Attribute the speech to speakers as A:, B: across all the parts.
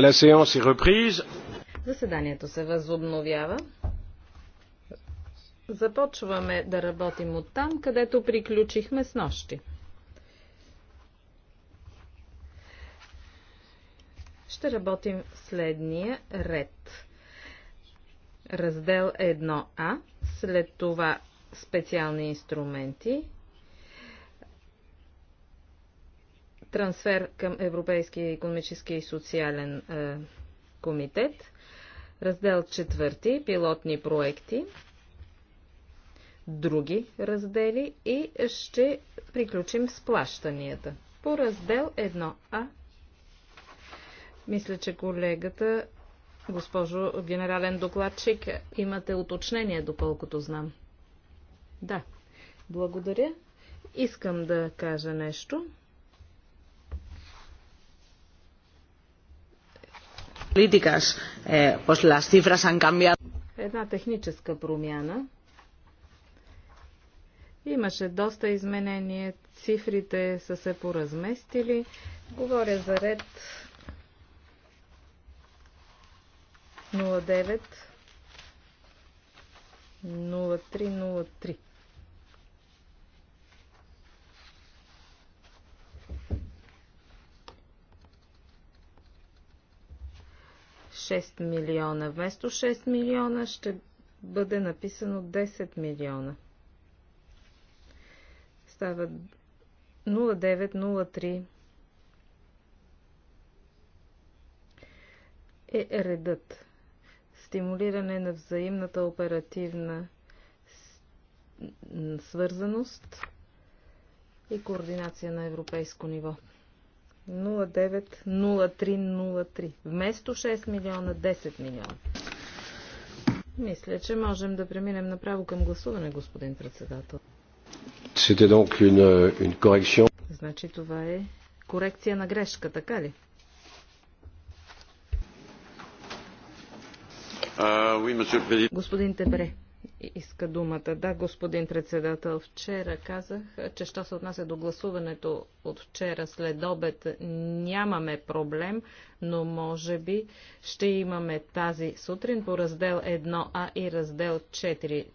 A: La séance est reprise.
B: Заседанието се възобновява. Започваме да работим от там, където приключихме с нощи. Ще работим следния ред. Раздел 1А, след това специални инструменти, трансфер към Европейския економически и социален е, комитет. Раздел 4. Пилотни проекти. Други раздели. И ще приключим с плащанията. По раздел 1А. Мисля, че колегата, госпожо генерален докладчик, имате уточнение, доколкото знам. Да. Благодаря. Искам да кажа нещо. Eh, Една техническа промяна. Имаше доста изменения, цифрите са се поразместили. Говоря за ред 09 0303. 6 милиона. Вместо 6 милиона ще бъде написано 10 милиона. Става 0903 е редът. Стимулиране на взаимната оперативна свързаност и координация на европейско ниво. 09 0,9-0,3-0,3. Вместо 6 милиона, 10 милиона. Мисля, че можем да преминем направо към гласуване, господин председател. donc une, une correction. Значи това е корекция на грешка, така ли?
C: Uh, oui,
B: Господин Тебре иска думата. Да, господин председател, вчера казах, че що се отнася до гласуването от вчера след обед, нямаме проблем, но може би ще имаме тази сутрин по раздел 1А и раздел 4.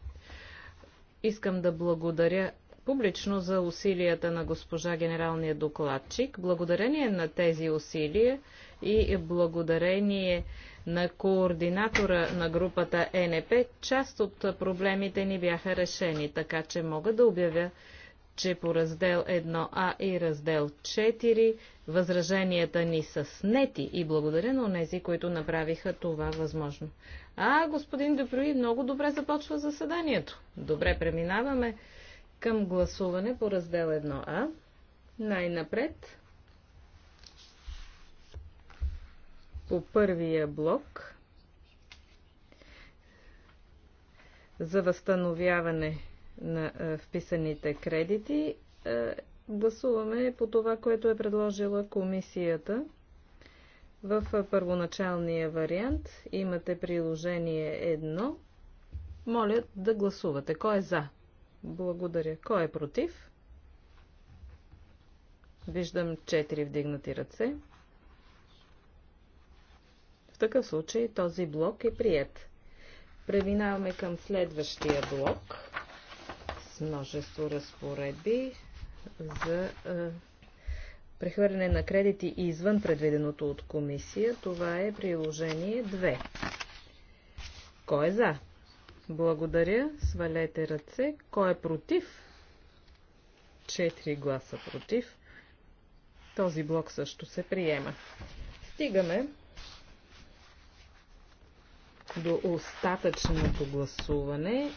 B: Искам да благодаря публично за усилията на госпожа генералния докладчик. Благодарение на тези усилия и благодарение на координатора на групата е НП, част от проблемите ни бяха решени, така че мога да обявя, че по раздел 1А и раздел 4 възраженията ни са снети и благодаря на тези, които направиха това възможно. А, господин Дюпруи много добре започва заседанието. Добре, преминаваме към гласуване по раздел 1А. Най-напред по първия блок за възстановяване на е, вписаните кредити. Е, гласуваме по това, което е предложила комисията. В е, първоначалния вариант имате приложение 1. Моля да гласувате. Кой е за? Благодаря. Кой е против? Виждам 4 вдигнати ръце. В такъв случай този блок е прият. Преминаваме към следващия блок с множество разпоредби за е, прехвърляне на кредити извън предвиденото от комисия. Това е приложение 2. Кой е за? Благодаря. Свалете ръце. Кой е против? 4 гласа против. Този блок също се приема. Стигаме до остатъчното гласуване,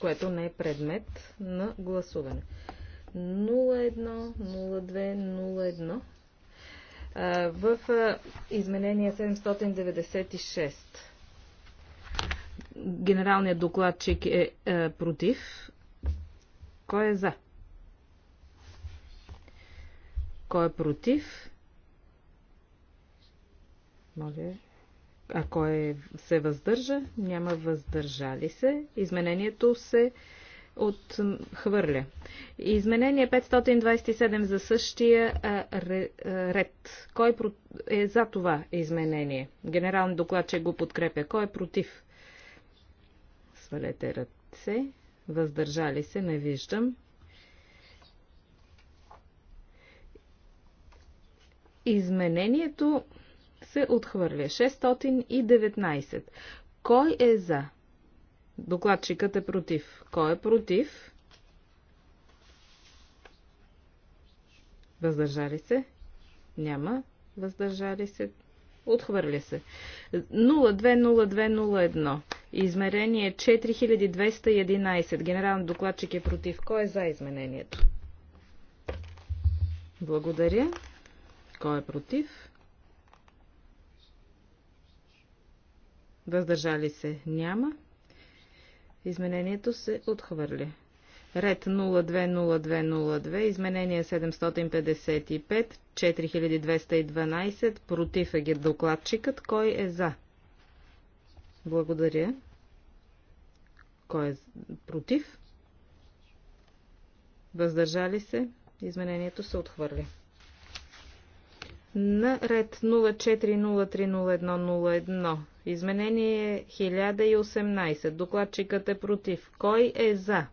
B: което не е предмет на гласуване. 01. в изменение 796. Генералният докладчик е, е против. Кой е за? Кой е против? Моля. А кой е- се въздържа? Няма въздържали се. Изменението се отхвърля. Изменение 527 за същия ред. Кой е, е за това изменение? Генерален докладчик го подкрепя. Кой е против? свалете ръце. Въздържали се, не виждам. Изменението се отхвърля. 619. Кой е за? Докладчикът е против. Кой е против? Въздържали се? Няма. Въздържали се? Отхвърля се. 020201. Измерение 4211. Генерален докладчик е против. Кой е за изменението? Благодаря. Кой е против? Въздържали се няма. Изменението се отхвърля. Ред 020202, изменение 755, 4212, против е докладчикът, кой е за? Благодаря. Кой е против? Въздържали се? Изменението се отхвърли. На ред 04030101. Изменение 1018. Докладчикът е против. Кой е за?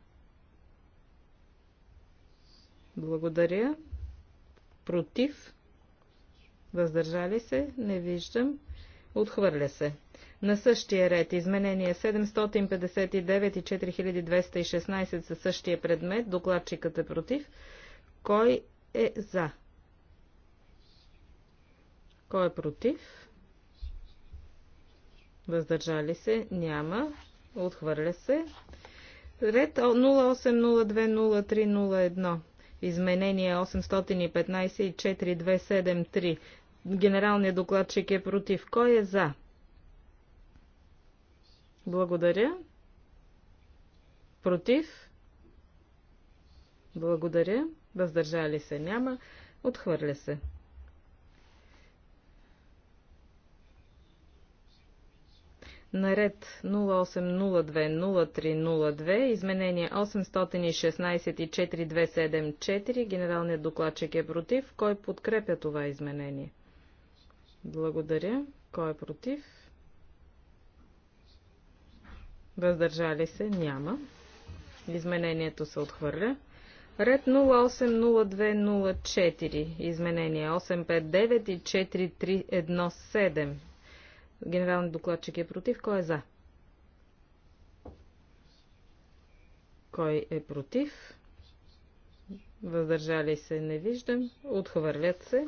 B: Благодаря. Против? Въздържали се? Не виждам. Отхвърля се на същия ред. Изменения 759 и 4216 са същия предмет. Докладчикът е против. Кой е за? Кой е против? Въздържали се? Няма. Отхвърля се. Ред 08020301. Изменение 815 и 4273. Генералният докладчик е против. Кой е за? Благодаря. Против? Благодаря. Въздържали се няма. Отхвърля се. Наред 0802-0302, изменение 816 4274, генералният докладчик е против. Кой подкрепя това изменение? Благодаря. Кой е против? Въздържали се? Няма. Изменението се отхвърля. Ред 080204. Изменение 859 и 4317. Генералният докладчик е против. Кой е за? Кой е против? Въздържали се не виждам. Отхвърлят се.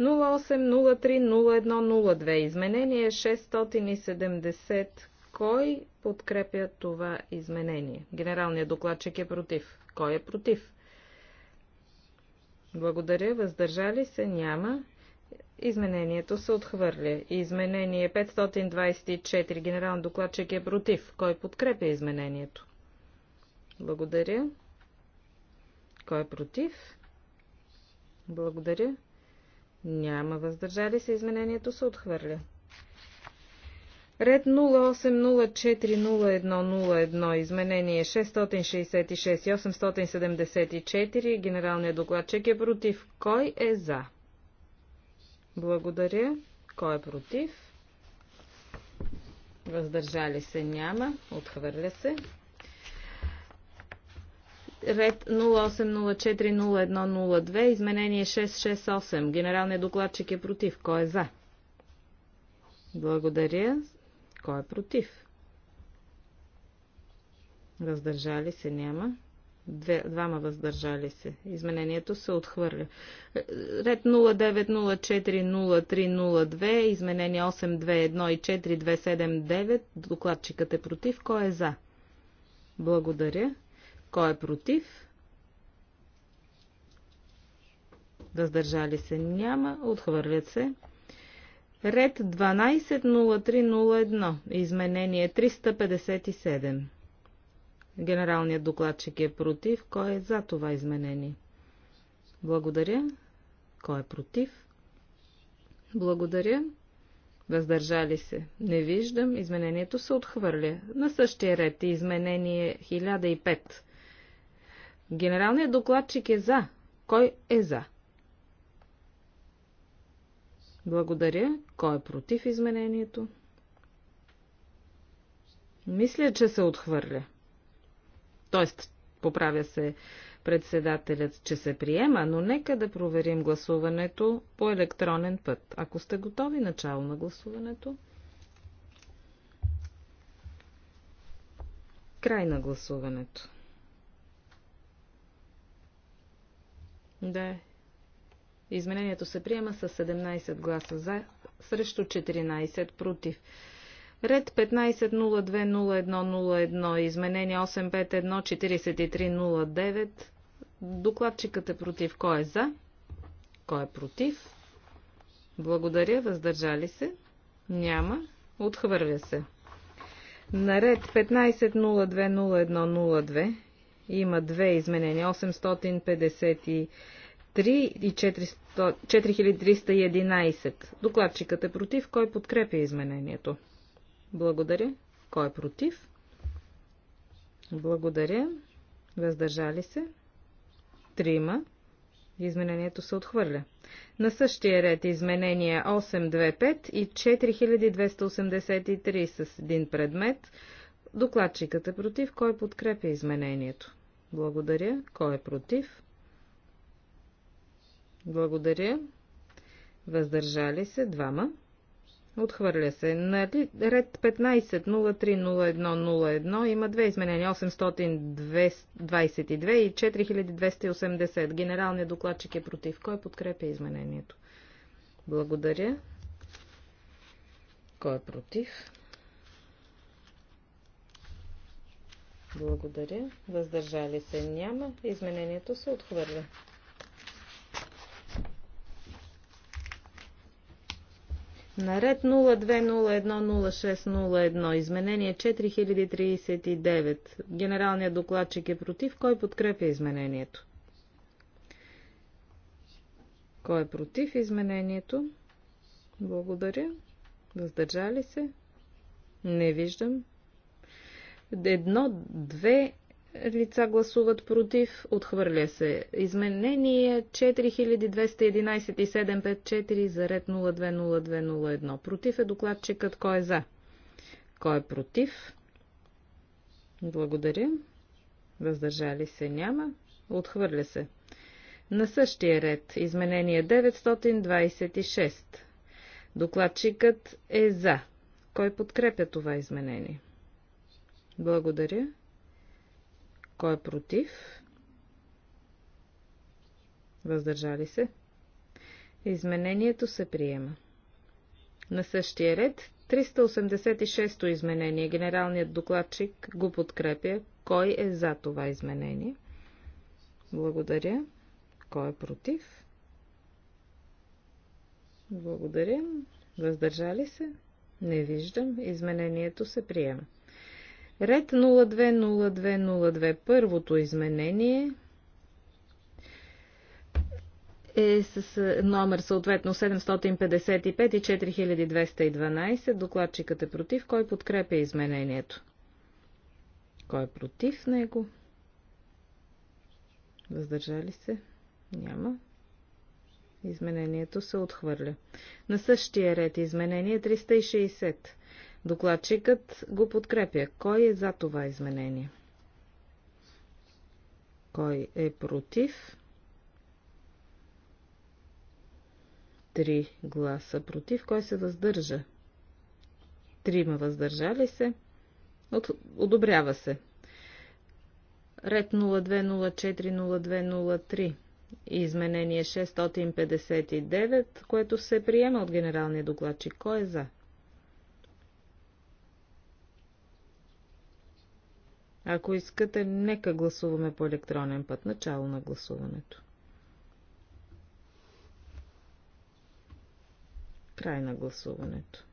B: 08030102. Изменение 670. Кой подкрепя това изменение? Генералният докладчик е против. Кой е против? Благодаря. Въздържали се? Няма. Изменението се отхвърля. Изменение 524. Генерален докладчик е против. Кой подкрепя изменението? Благодаря. Кой е против? Благодаря. Няма въздържали се. Изменението се отхвърля. Ред 08040101, изменение 666 и 874, генералният докладчик е против. Кой е за? Благодаря. Кой е против? Въздържали се няма. Отхвърля се. Ред 08040102, изменение 668. Генералният докладчик е против. Кой е за? Благодаря. Кой е против? Въздържали се няма. Две, двама въздържали се. Изменението се отхвърля. Ред 09040302, изменение 821 и 4279. Докладчикът е против. Кой е за? Благодаря. Кой е против? Въздържали се няма. Отхвърлят се. Ред 120301, изменение 357. Генералният докладчик е против. Кой е за това изменение? Благодаря. Кой е против? Благодаря. Въздържали се. Не виждам. Изменението се отхвърля. На същия ред и изменение 1005. Генералният докладчик е за. Кой е за? Благодаря. Кой е против изменението? Мисля, че се отхвърля. Тоест, поправя се председателят, че се приема, но нека да проверим гласуването по електронен път. Ако сте готови, начало на гласуването. Край на гласуването. Да, Изменението се приема с 17 гласа за, срещу 14 против. Ред 15.02.01.01. Изменение 851.43.09. Докладчикът е против. Кой е за? Кой е против? Благодаря. Въздържали се? Няма. Отхвърля се. На ред 15.02.01.02 има две изменения. 850. 3 и 4311. Докладчикът е против. Кой подкрепя изменението? Благодаря. Кой е против? Благодаря. Въздържали се. Трима. Изменението се отхвърля. На същия ред изменения 825 и 4283 с един предмет. Докладчикът е против. Кой подкрепя изменението? Благодаря. Кой е против? Благодаря. Въздържали се двама. Отхвърля се. На ред 15.03.01.01 има две изменения 822 и 4280. Генералният докладчик е против. Кой подкрепя изменението? Благодаря. Кой е против? Благодаря. Въздържали се няма. Изменението се отхвърля. Наред 02010601, изменение 4039. Генералният докладчик е против. Кой подкрепя изменението? Кой е против изменението? Благодаря. Въздържали се? Не виждам. Едно, две, лица гласуват против, отхвърля се. Изменение 4211 за ред 020201. Против е докладчикът. Кой е за? Кой е против? Благодаря. Въздържали се няма. Отхвърля се. На същия ред. Изменение 926. Докладчикът е за. Кой подкрепя това изменение? Благодаря. Кой е против? Въздържали се. Изменението се приема. На същия ред 386-то изменение. Генералният докладчик го подкрепя. Кой е за това изменение? Благодаря. Кой е против? Благодаря. Въздържали се? Не виждам. Изменението се приема. Ред 020202, първото изменение е с е, номер съответно 755 и 4212. Докладчикът е против. Кой подкрепя изменението? Кой е против него? Въздържали се? Няма. Изменението се отхвърля. На същия ред изменение 360. Докладчикът го подкрепя. Кой е за това изменение? Кой е против? Три гласа против. Кой се въздържа? Трима въздържали се. От... Одобрява се. Ред 02040203. Изменение 659, което се приема от генералния докладчик. Кой е за? Ако искате, нека гласуваме по електронен път. Начало на гласуването. Край на гласуването.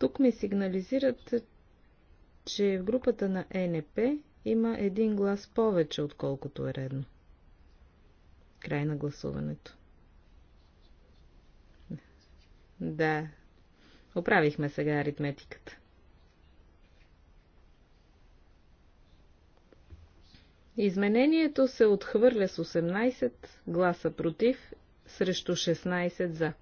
B: Тук ми сигнализират, че в групата на е НП има един глас повече, отколкото е редно. Край на гласуването. Да, Оправихме сега аритметиката. Изменението се отхвърля с 18 гласа против срещу 16 за.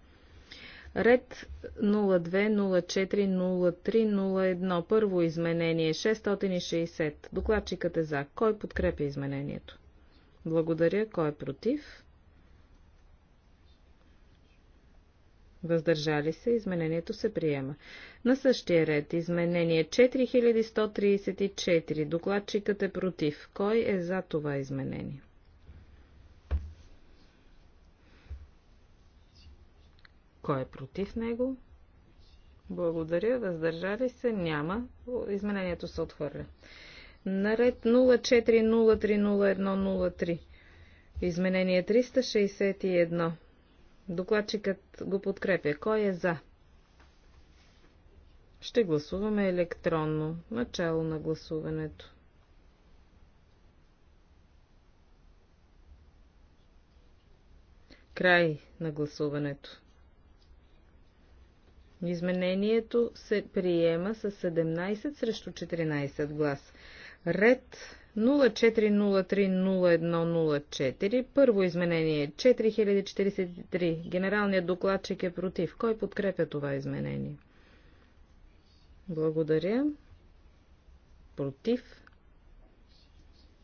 B: Ред 02040301. Първо изменение 660. Докладчикът е за. Кой подкрепя изменението? Благодаря. Кой е против? Въздържали се, изменението се приема. На същия ред, изменение 4134. Докладчикът е против. Кой е за това изменение? Кой е против него? Благодаря. Въздържали се? Няма. Изменението се отхвърля. Наред 04030103. Изменение 361. Докладчикът го подкрепя. Кой е за? Ще гласуваме електронно. Начало на гласуването. Край на гласуването. Изменението се приема с 17 срещу 14 глас. Ред 04030104. Първо изменение 4043. Е Генералният докладчик е против. Кой подкрепя това изменение? Благодаря. Против.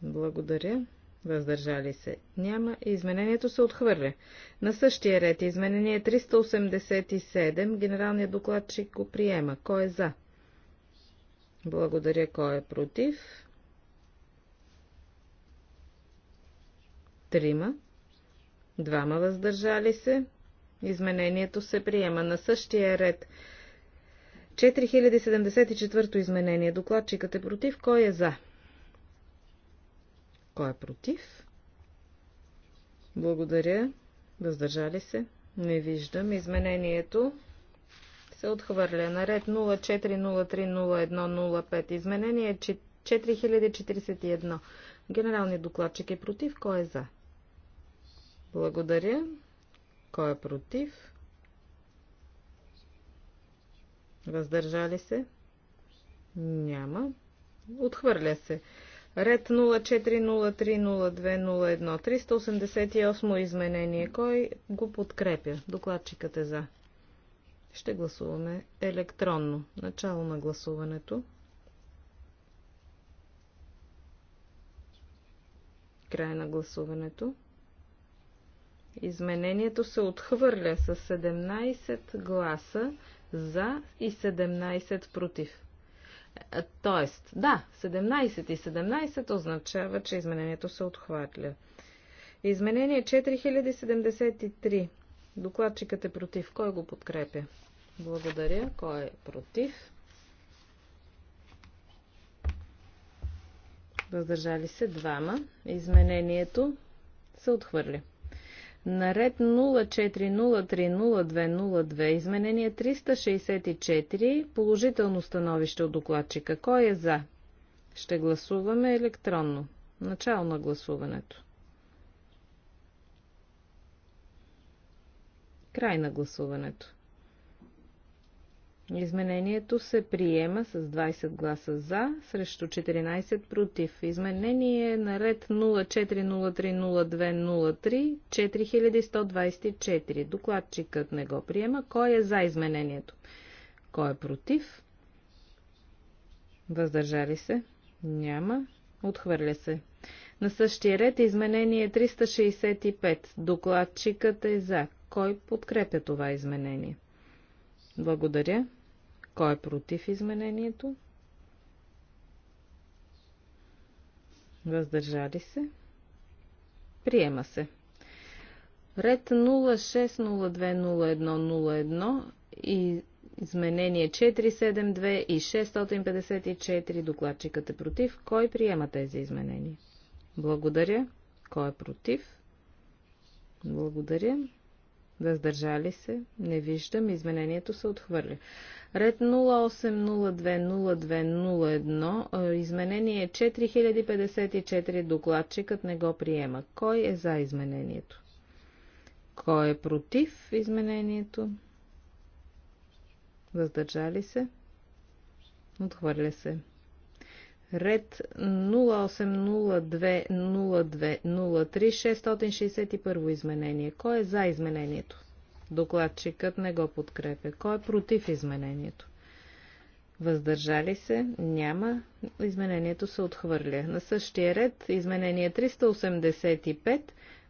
B: Благодаря. Въздържали се. Няма. Изменението се отхвърля. На същия ред изменение 387. Генералният докладчик го приема. Кой е за? Благодаря. Кой е против? Трима. Двама въздържали се. Изменението се приема на същия ред. 4074 изменение. Докладчикът е против. Кой е за? Кой е против? Благодаря. Въздържали се? Не виждам. Изменението се отхвърля. на ред 04030105. Изменение 4041. Е Генералният докладчик е против. Кой е за? Благодаря. Кой е против? Въздържали се? Няма. Отхвърля се. Ред 04030201. 388 изменение. Кой го подкрепя? Докладчикът е за. Ще гласуваме електронно. Начало на гласуването. Край на гласуването. Изменението се отхвърля с 17 гласа за и 17 против. Е, тоест, да, 17 и 17 означава, че изменението се отхвърля. Изменение 4073. Докладчикът е против. Кой го подкрепя? Благодаря. Кой е против? Въздържали се двама. Изменението се отхвърля. На ред 04030202 изменение 364 положително становище от докладчика. Кой е за? Ще гласуваме електронно. Начало на гласуването. Край на гласуването. Изменението се приема с 20 гласа за, срещу 14 против. Изменение на ред 04030203 4124. Докладчикът не го приема. Кой е за изменението? Кой е против? Въздържали се? Няма. Отхвърля се. На същия ред изменение 365. Докладчикът е за. Кой подкрепя това изменение? Благодаря. Кой е против изменението? Въздържали се? Приема се. Ред 06020101 и изменение 472 и 654 докладчикът е против. Кой приема тези изменения? Благодаря. Кой е против? Благодаря. Въздържали се? Не виждам. Изменението се отхвърля. Ред 08020201. Е, изменение 4054. Е Докладчикът не го приема. Кой е за изменението? Кой е против изменението? Въздържали се? Отхвърля се. Ред 08020203-661 изменение. Кой е за изменението? Докладчикът не го подкрепя. Кой е против изменението? Въздържали се? Няма. Изменението се отхвърля. На същия ред изменение 385.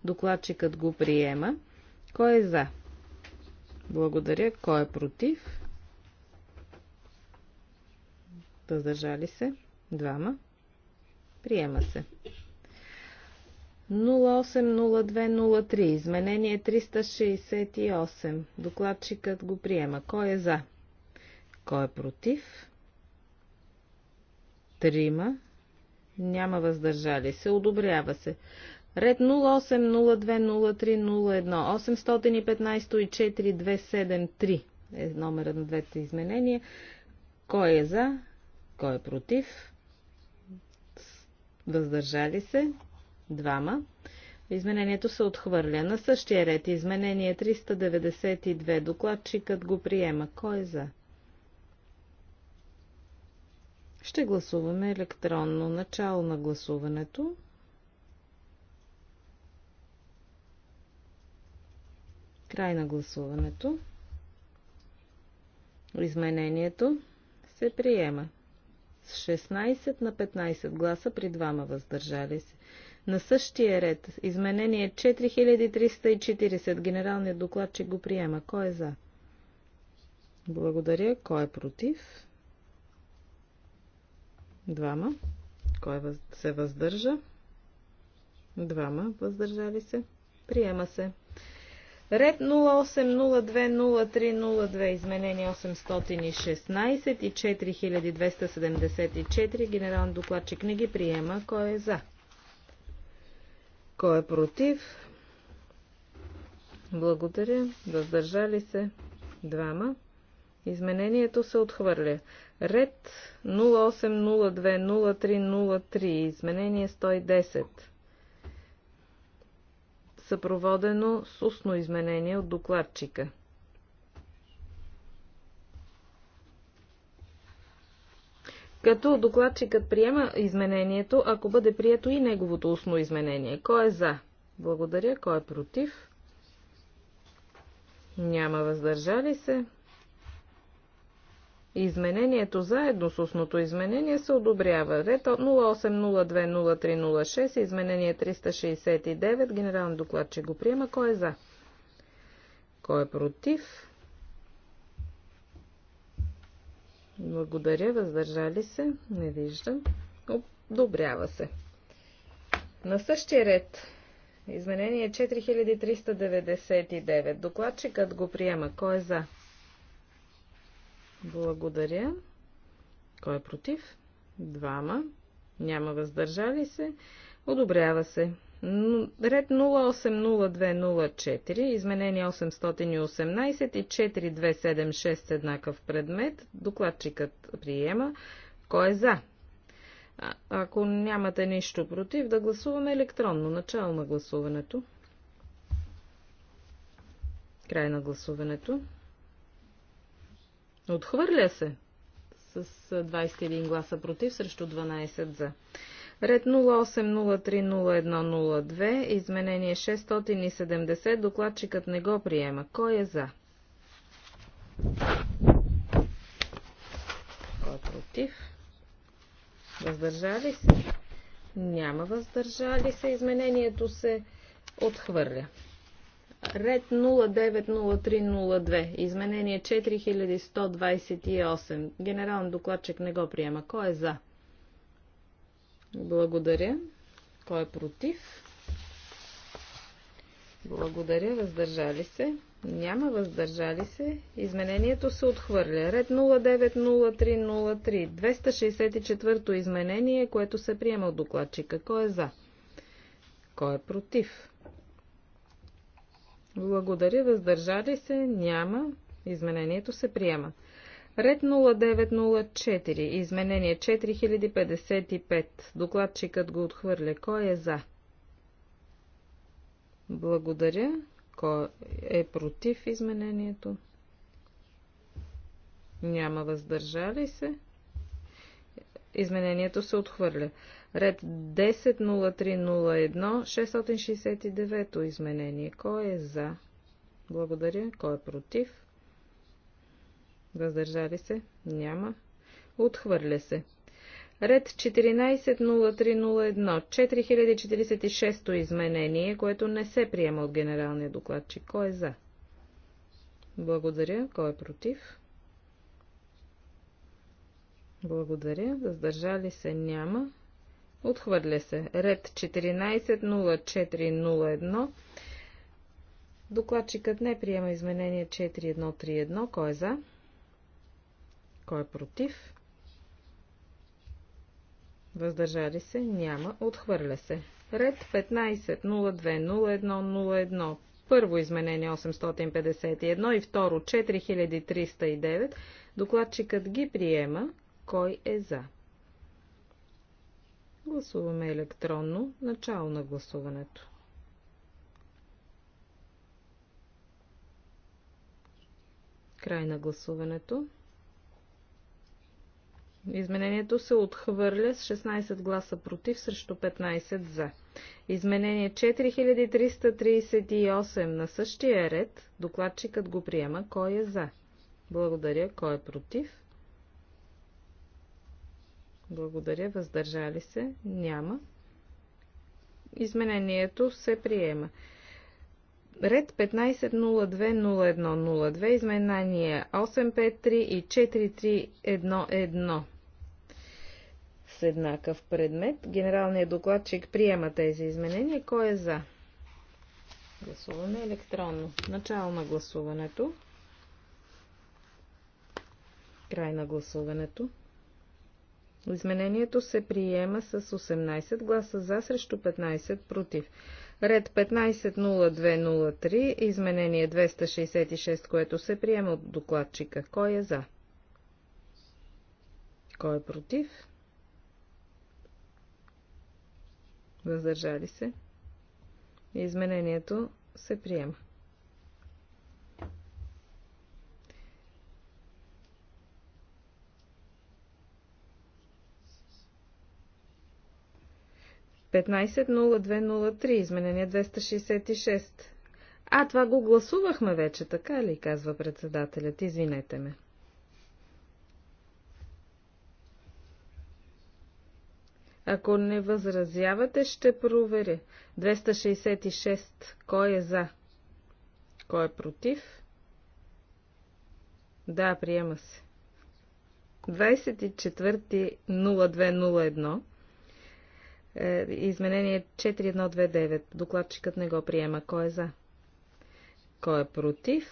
B: Докладчикът го приема. Кой е за? Благодаря. Кой е против? Въздържали се? Двама. Приема се. 080203. Изменение 368. Докладчикът го приема. Кой е за? Кой е против? Трима. Няма въздържали се. Одобрява се. Ред 08020301 815 и 4273 е номера на двете изменения. Кой е за? Кой е против? Въздържали се? Двама. Изменението се отхвърля. На същия ред изменение 392. Докладчикът го приема. Кой е за? Ще гласуваме електронно начало на гласуването. Край на гласуването. Изменението се приема с 16 на 15 гласа при двама въздържали се. На същия ред, изменение 4340, генералният докладчик го приема. Кой е за? Благодаря. Кой е против? Двама. Кой се въздържа? Двама въздържали се. Приема се. Ред 08020302 изменение 816 и 4274 генерален докладчик не ги приема. Кой е за? Кой е против? Благодаря. Въздържали се двама. Изменението се отхвърля. Ред 08020303 изменение 110 съпроводено с устно изменение от докладчика. Като докладчикът приема изменението, ако бъде прието и неговото устно изменение. Кой е за? Благодаря. Кой е против? Няма въздържали се. Изменението заедно с устното изменение се одобрява. Ред 08020306, изменение 369, генерален доклад, че го приема. Кой е за? Кой е против? Благодаря, въздържали се. Не виждам. Одобрява се. На същия ред. Изменение 4399. Докладчикът го приема. Кой е за? Благодаря. Кой е против? Двама. Няма въздържали се. Одобрява се. Ред 080204, изменение 818 и 4276 еднакъв предмет. Докладчикът приема. Кой е за? А, ако нямате нищо против, да гласуваме електронно. Начало на гласуването. Край на гласуването. Отхвърля се с 21 гласа против срещу 12 за. Ред 08030102, изменение 670, докладчикът не го приема. Кой е за? Кой е против? Въздържали се? Няма въздържали се. Изменението се отхвърля. Ред 090302, изменение 4128. Генерален докладчик не го приема. Кой е за? Благодаря. Кой е против? Благодаря. Въздържали се? Няма въздържали се. Изменението се отхвърля. Ред 090303. 264 изменение, което се приема от докладчика. Кой е за? Кой е против? Благодаря, въздържали се, няма. Изменението се приема. Ред 0904, изменение 4055. Докладчикът го отхвърля. Кой е за? Благодаря. Кой е против изменението? Няма въздържали се. Изменението се отхвърля. Ред 10.03.01, 669 изменение. Кой е за? Благодаря. Кой е против? Въздържали се? Няма. Отхвърля се. Ред 14.03.01, 4046 изменение, което не се приема от генералния докладчик. Кой е за? Благодаря. Кой е против? Благодаря. Въздържали се няма. Отхвърля се. Ред 140401. Докладчикът не приема изменение 4131. Кой е за? Кой е против? Въздържали се? Няма. Отхвърля се. Ред 15020101. Първо изменение 851 и второ 4309. Докладчикът ги приема. Кой е за? Гласуваме електронно начало на гласуването. Край на гласуването. Изменението се отхвърля с 16 гласа против срещу 15 за. Изменение 4338 на същия ред. Докладчикът го приема. Кой е за? Благодаря. Кой е против? Благодаря. Въздържали се? Няма. Изменението се приема. Ред 15020102, изменение 853 и 4311 с еднакъв предмет. Генералният докладчик приема тези изменения. Кой е за? Гласуваме електронно. Начало на гласуването. Край на гласуването. Изменението се приема с 18 гласа за срещу 15 против. Ред 150203, изменение 266, което се приема от докладчика. Кой е за? Кой е против? Въздържали се. Изменението се приема. 15.02.03, изменение 266. А, това го гласувахме вече, така ли, казва председателят. Извинете ме. Ако не възразявате, ще проверя. 266. Кой е за? Кой е против? Да, приема се. 24.02.01 е, изменение 4129. Докладчикът не го приема. Кой е за? Кой е против?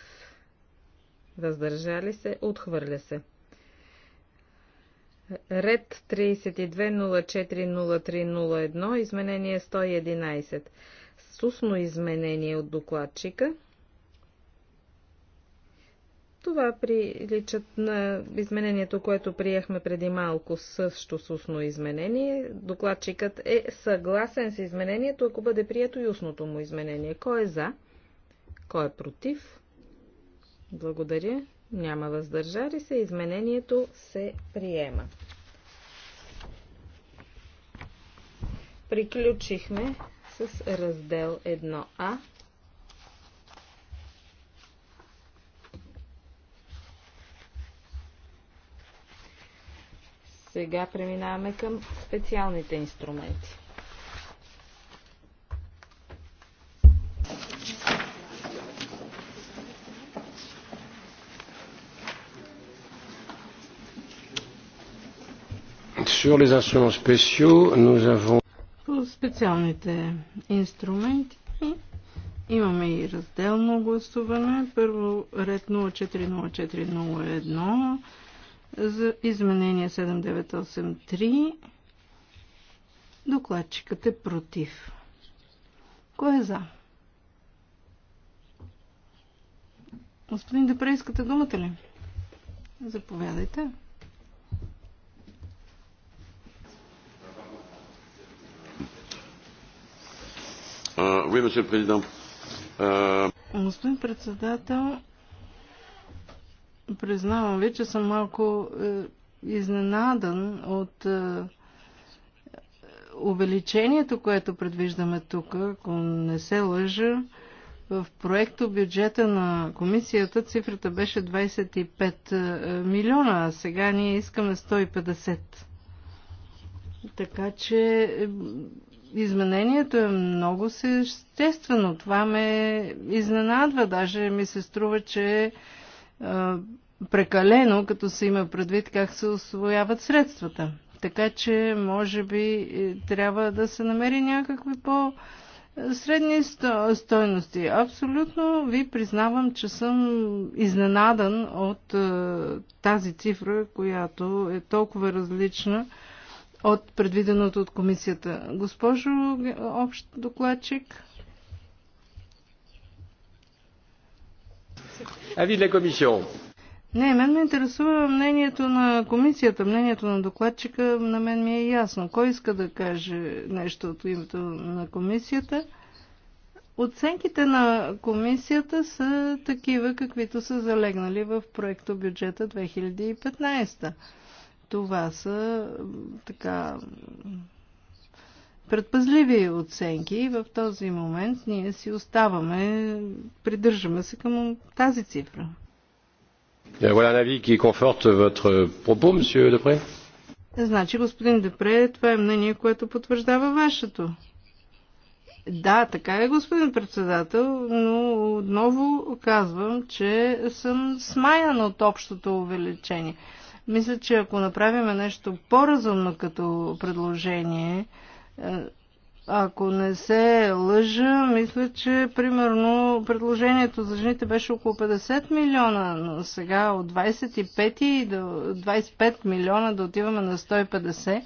B: Въздържали се? Отхвърля се. Ред 32040301. Изменение 111. Сусно изменение от докладчика. Това приличат на изменението, което приехме преди малко също с устно изменение. Докладчикът е съгласен с изменението, ако бъде прието и устното му изменение. Кой е за? Кой е против? Благодаря. Няма въздържали се. Изменението се приема. Приключихме с раздел 1А. Сега преминаваме към специалните инструменти. Sur les instruments spéciaux, nous avons...
C: По специалните инструменти имаме и разделно гласуване. Първо ред 040401 за изменение 7983. Докладчикът е против. Кой е за? Господин Депре, искате думата ли? Заповядайте. Uh, oui, Uh... Господин председател, Признавам ви, че съм малко е, изненадан от е, увеличението, което предвиждаме тук, ако не се лъжа. В проекто бюджета на комисията цифрата беше 25 е, милиона, а сега ние искаме 150. Така че изменението е много съществено. Това ме изненадва. Даже ми се струва, че е прекалено, като се има предвид как се освояват средствата. Така че, може би, трябва да се намери някакви по- средни сто... стойности. Абсолютно ви признавам, че съм изненадан от е, тази цифра, която е толкова различна от предвиденото от комисията. Госпожо общ докладчик,
B: Ави на комисион.
C: Не, мен ме интересува мнението на комисията, мнението на докладчика. На мен ми е ясно. Кой иска да каже нещо от името на комисията? Оценките на комисията са такива, каквито са залегнали в проекто бюджета 2015. Това са така предпазливи оценки и в този момент ние си оставаме, придържаме се към тази цифра.
B: Voilà un avis qui conforte votre propos, monsieur Depré.
C: Значи, господин Депре, това е мнение, което потвърждава вашето. Да, така е, господин председател, но отново казвам, че съм смаян от общото увеличение. Мисля, че ако направим нещо по-разумно като предложение, е, ако не се лъжа, мисля, че примерно предложението за жените беше около 50 милиона, но сега от 25 до 25 милиона да отиваме на 150.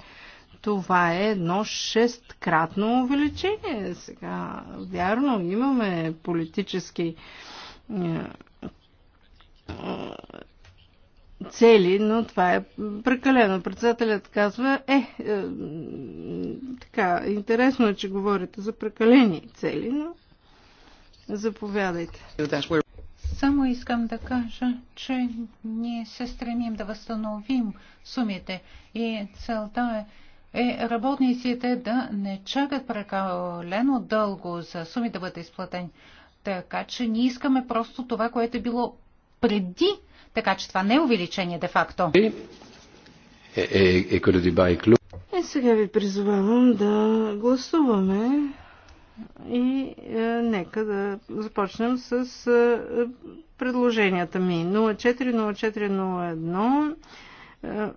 C: Това е едно шесткратно увеличение. Сега, вярно, имаме политически е, цели, но това е прекалено. Председателят казва, е, е, така, интересно е, че говорите за прекалени цели, но заповядайте.
A: Само искам да кажа, че ние се стремим да възстановим сумите и целта е е работниците да не чакат прекалено дълго за суми да бъдат изплатени. Така че ние искаме просто това, което е било преди така че това не
C: е увеличение де-факто. Е,
B: е, е
C: сега ви призовавам да гласуваме и е, нека да започнем с е, предложенията ми. 040401 е,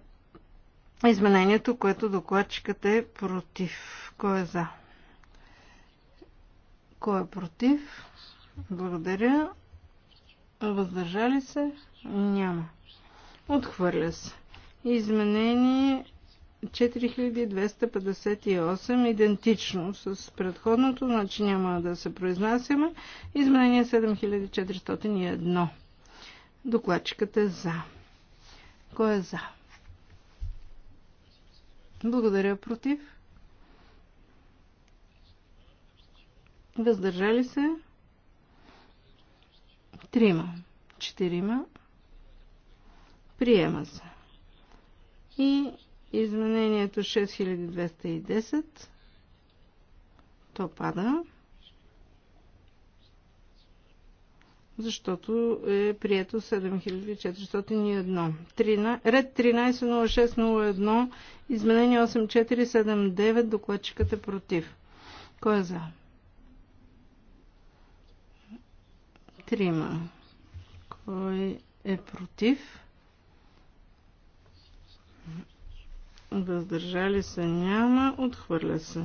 C: изменението, което докладчикът е против. Кой е за? Кой е против? Благодаря. Въздържали се? Няма. Отхвърля се. Изменение 4258, идентично с предходното, значи няма да се произнасяме. Изменение 7401. Докладчикът е за. Кой е за? Благодаря. Против? Въздържали се? Трима. Четирима. Приема се. И изменението 6210. То пада. защото е прието 7401. ред 130601, изменение 8479, докладчикът е против. Кой е за? Трима. Кой е против? въздържали се няма, отхвърля се.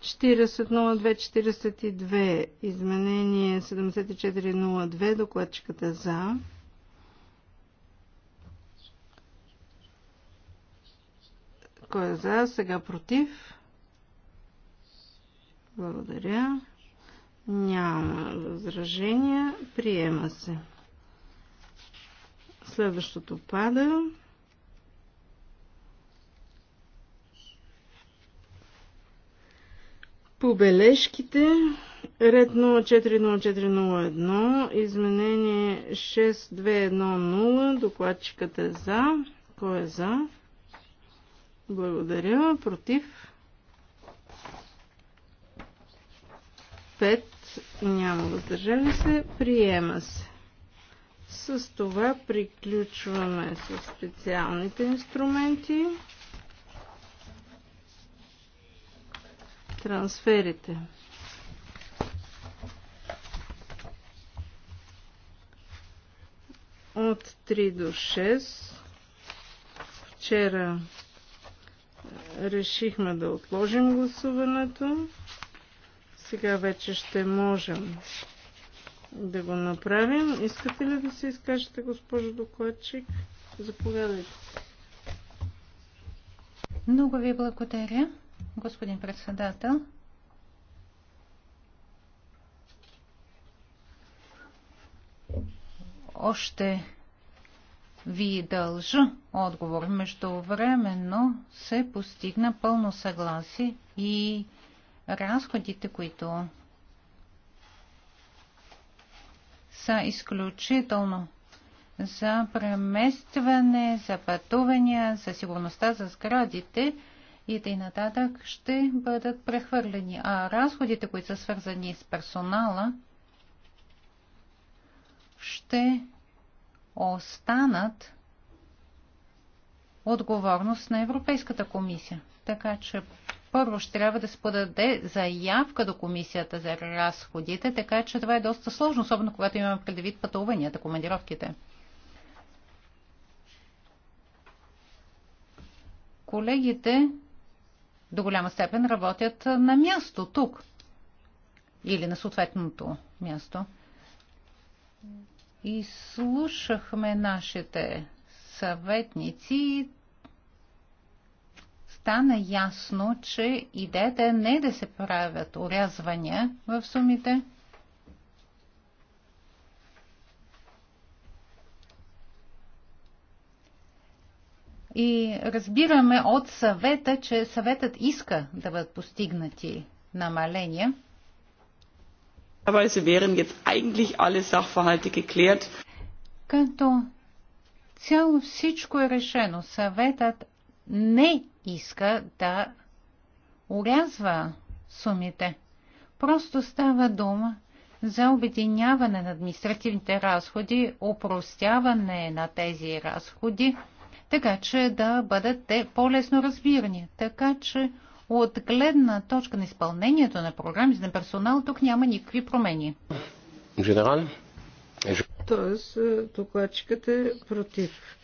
C: 40.02.42, изменение 74.02, докладчиката е за. Кой е за? Сега против. Благодаря. Няма възражения. Приема се. Следващото пада. По бележките, ред 040401, изменение 6210, докладчикът е за. Кой е за? Благодаря. Против? 5. Няма въздържали се. Приема се. С това приключваме с специалните инструменти. трансферите. От 3 до 6. Вчера е, решихме да отложим гласуването. Сега вече ще можем да го направим. Искате ли да се изкажете, госпожо докладчик? Заповядайте.
A: Много ви благодаря господин председател. Още ви дължа отговор. Междувременно се постигна пълно съгласие и разходите, които са изключително за преместване, за пътувания, за сигурността за сградите – и нататък ще бъдат прехвърлени. А разходите, които са свързани с персонала, ще останат отговорност на Европейската комисия. Така че първо ще трябва да се подаде заявка до комисията за разходите, така че това е доста сложно, особено когато имаме предвид пътуванията, командировките. Колегите до голяма степен работят на място тук или на съответното място. И слушахме нашите съветници. Стана ясно, че идеята е не да се правят урязвания в сумите, И разбираме от съвета, че съветът иска да бъдат постигнати намаления. Като цяло всичко е решено. Съветът не иска да урязва сумите. Просто става дума за обединяване на административните разходи, упростяване на тези разходи така че да бъдат те по-лесно разбирани. Така че от гледна точка на изпълнението на програмите на персонал тук няма никакви промени.
B: Генерал?
C: Тоест, е, докладчикът е против.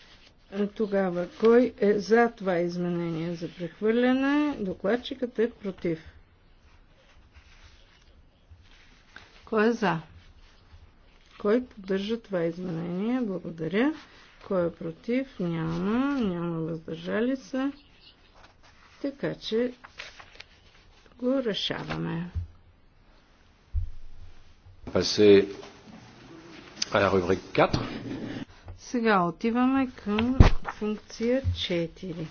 C: Е, тогава, кой е за това изменение за прехвърляне? Докладчикът е против. Кой е за? Кой поддържа това изменение? Благодаря. Кой е против? Няма. Няма въздържали се. Така че го решаваме.
B: Пасе à la rubrique 4.
C: Сега отиваме към функция 4.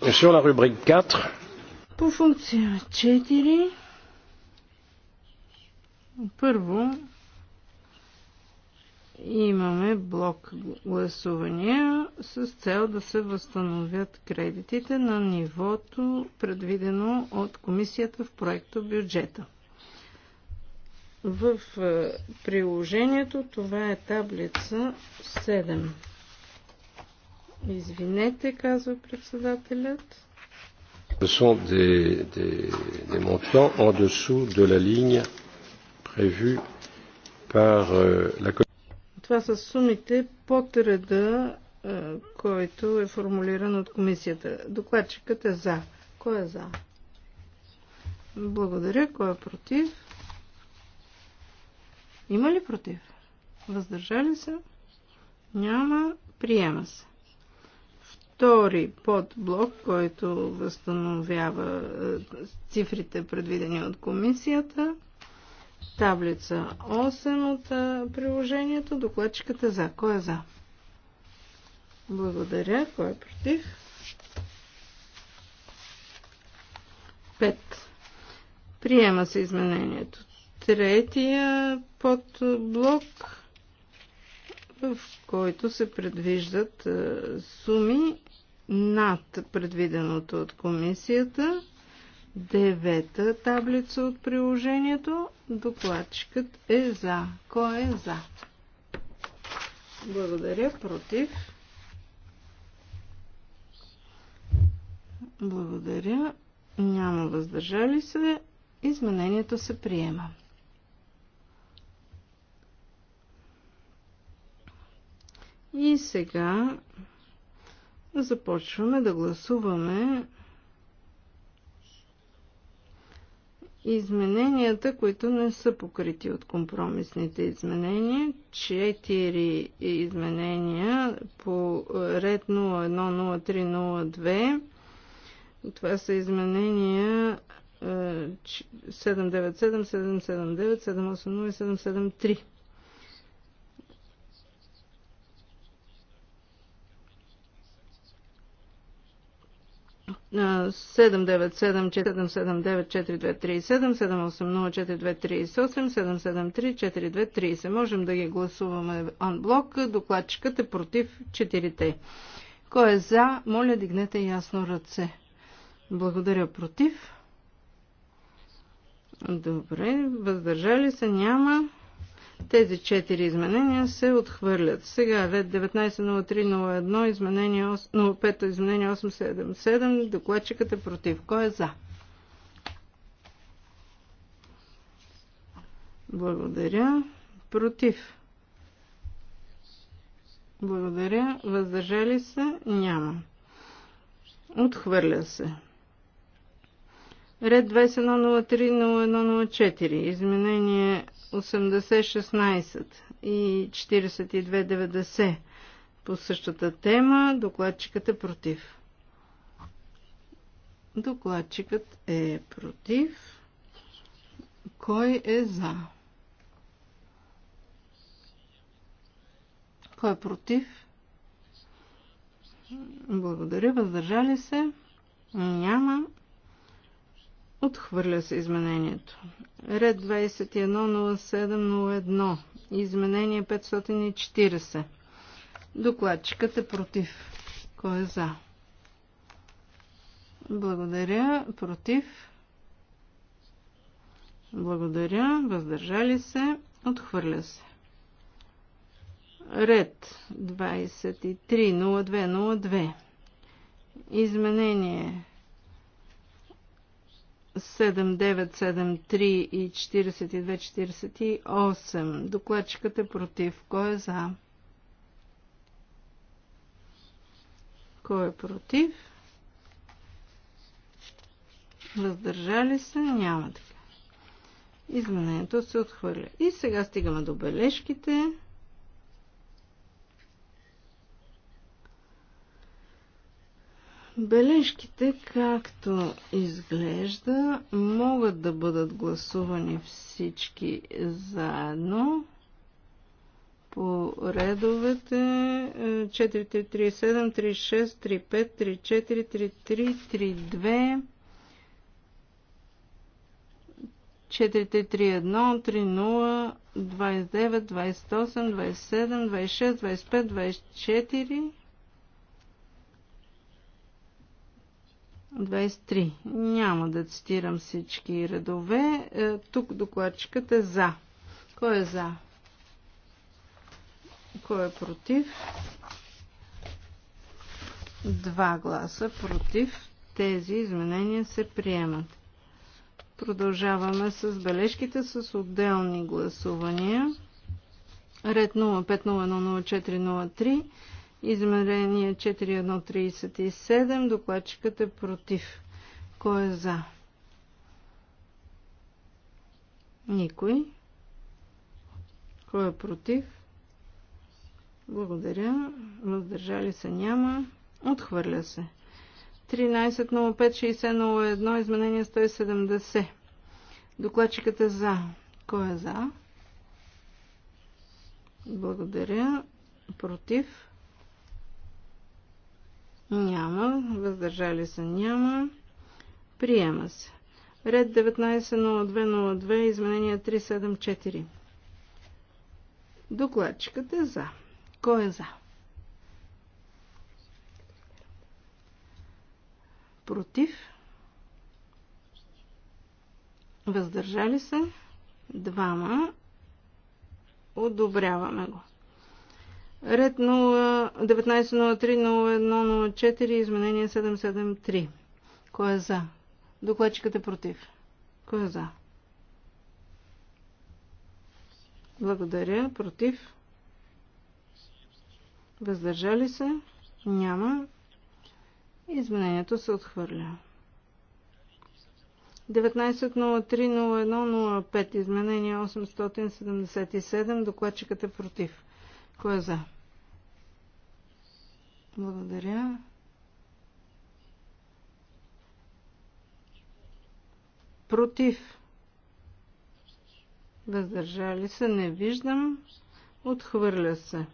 A: Sur la rubrique 4.
C: По функция 4. Първо имаме блок гласувания с цел да се възстановят кредитите на нивото, предвидено от комисията в проекто бюджета. В е, приложението това е таблица 7. Извинете, казва председателят.
B: Ce sont des, des, des montants en dessous de la ligne prévue par euh, la
C: това са сумите под реда, който е формулиран от комисията. Докладчикът е за. Кой е за? Благодаря. Кой е против? Има ли против? Въздържали се? Няма. Приема се. Втори подблок, който възстановява цифрите, предвидени от комисията – Таблица 8 от приложението. Докладчиката е за. Кой е за? Благодаря. Кой е против? 5. Приема се изменението. Третия под блок, в който се предвиждат суми над предвиденото от комисията девета таблица от приложението. Докладчикът е за. Кой е за? Благодаря. Против. Благодаря. Няма въздържали се. Изменението се приема. И сега започваме да гласуваме измененията, които не са покрити от компромисните изменения. Четири изменения по ред 010302. Това са изменения 797, 779, 780 и 773. 779-427-779-4237-780-4238-773-4230. Можем да ги гласуваме анблок. Докладчикът е против 4-те. Кой е за, моля дигнете ясно ръце. Благодаря против. Добре, въздържали се няма. Тези четири изменения се отхвърлят. Сега е ред 19.03.01, изменение 05, изменение 877, докладчикът е против. Кой е за? Благодаря. Против. Благодаря. Въздържали се? Няма. Отхвърля се. Ред 2103-0104, изменение 8016 и 4290 по същата тема. Докладчикът е против. Докладчикът е против. Кой е за? Кой е против? Благодаря. Въздържали се? Няма. Отхвърля се изменението. Ред 210701. Изменение 540. Докладчикът е против. Кой е за? Благодаря. Против. Благодаря. Въздържали се. Отхвърля се. Ред 230202. Изменение 7973 и 4248. Докладчикът е против. Кой е за? Кой е против? Въздържали се? Няма така. Изменението се отхвърля. И сега стигаме до бележките. Бележките, както изглежда, могат да бъдат гласувани всички заедно по редовете 437, 36, 35, 34, 33, 32, 4331, 30, 29, 28, 27, 26, 25, 24, 23. Няма да цитирам всички редове. Е, тук докладчикът е за. Кой е за? Кой е против? Два гласа против. Тези изменения се приемат. Продължаваме с бележките с отделни гласувания. Ред 05010403 Измерение 4137. Докладчикът е против. Кой е за? Никой. Кой е против? Благодаря. Въздържали се няма. Отхвърля се. 13.05601. Изменение 170. Докладчикът е за. Кой е за? Благодаря. Против. Няма. Въздържали се? Няма. Приема се. Ред 190202, изменение 374. Докладчикът е за. Кой е за? Против? Въздържали се? Двама. Одобряваме го. Ред 1903-0104, изменение 773. Кой е за? Докладчикът е против. Кой е за? Благодаря. Против? Въздържали се? Няма. Изменението се отхвърля. 19.03.01.05. Изменение 877. Докладчикът е против. Кой е за? Благодаря. Против. Въздържали се, не виждам. Отхвърля се.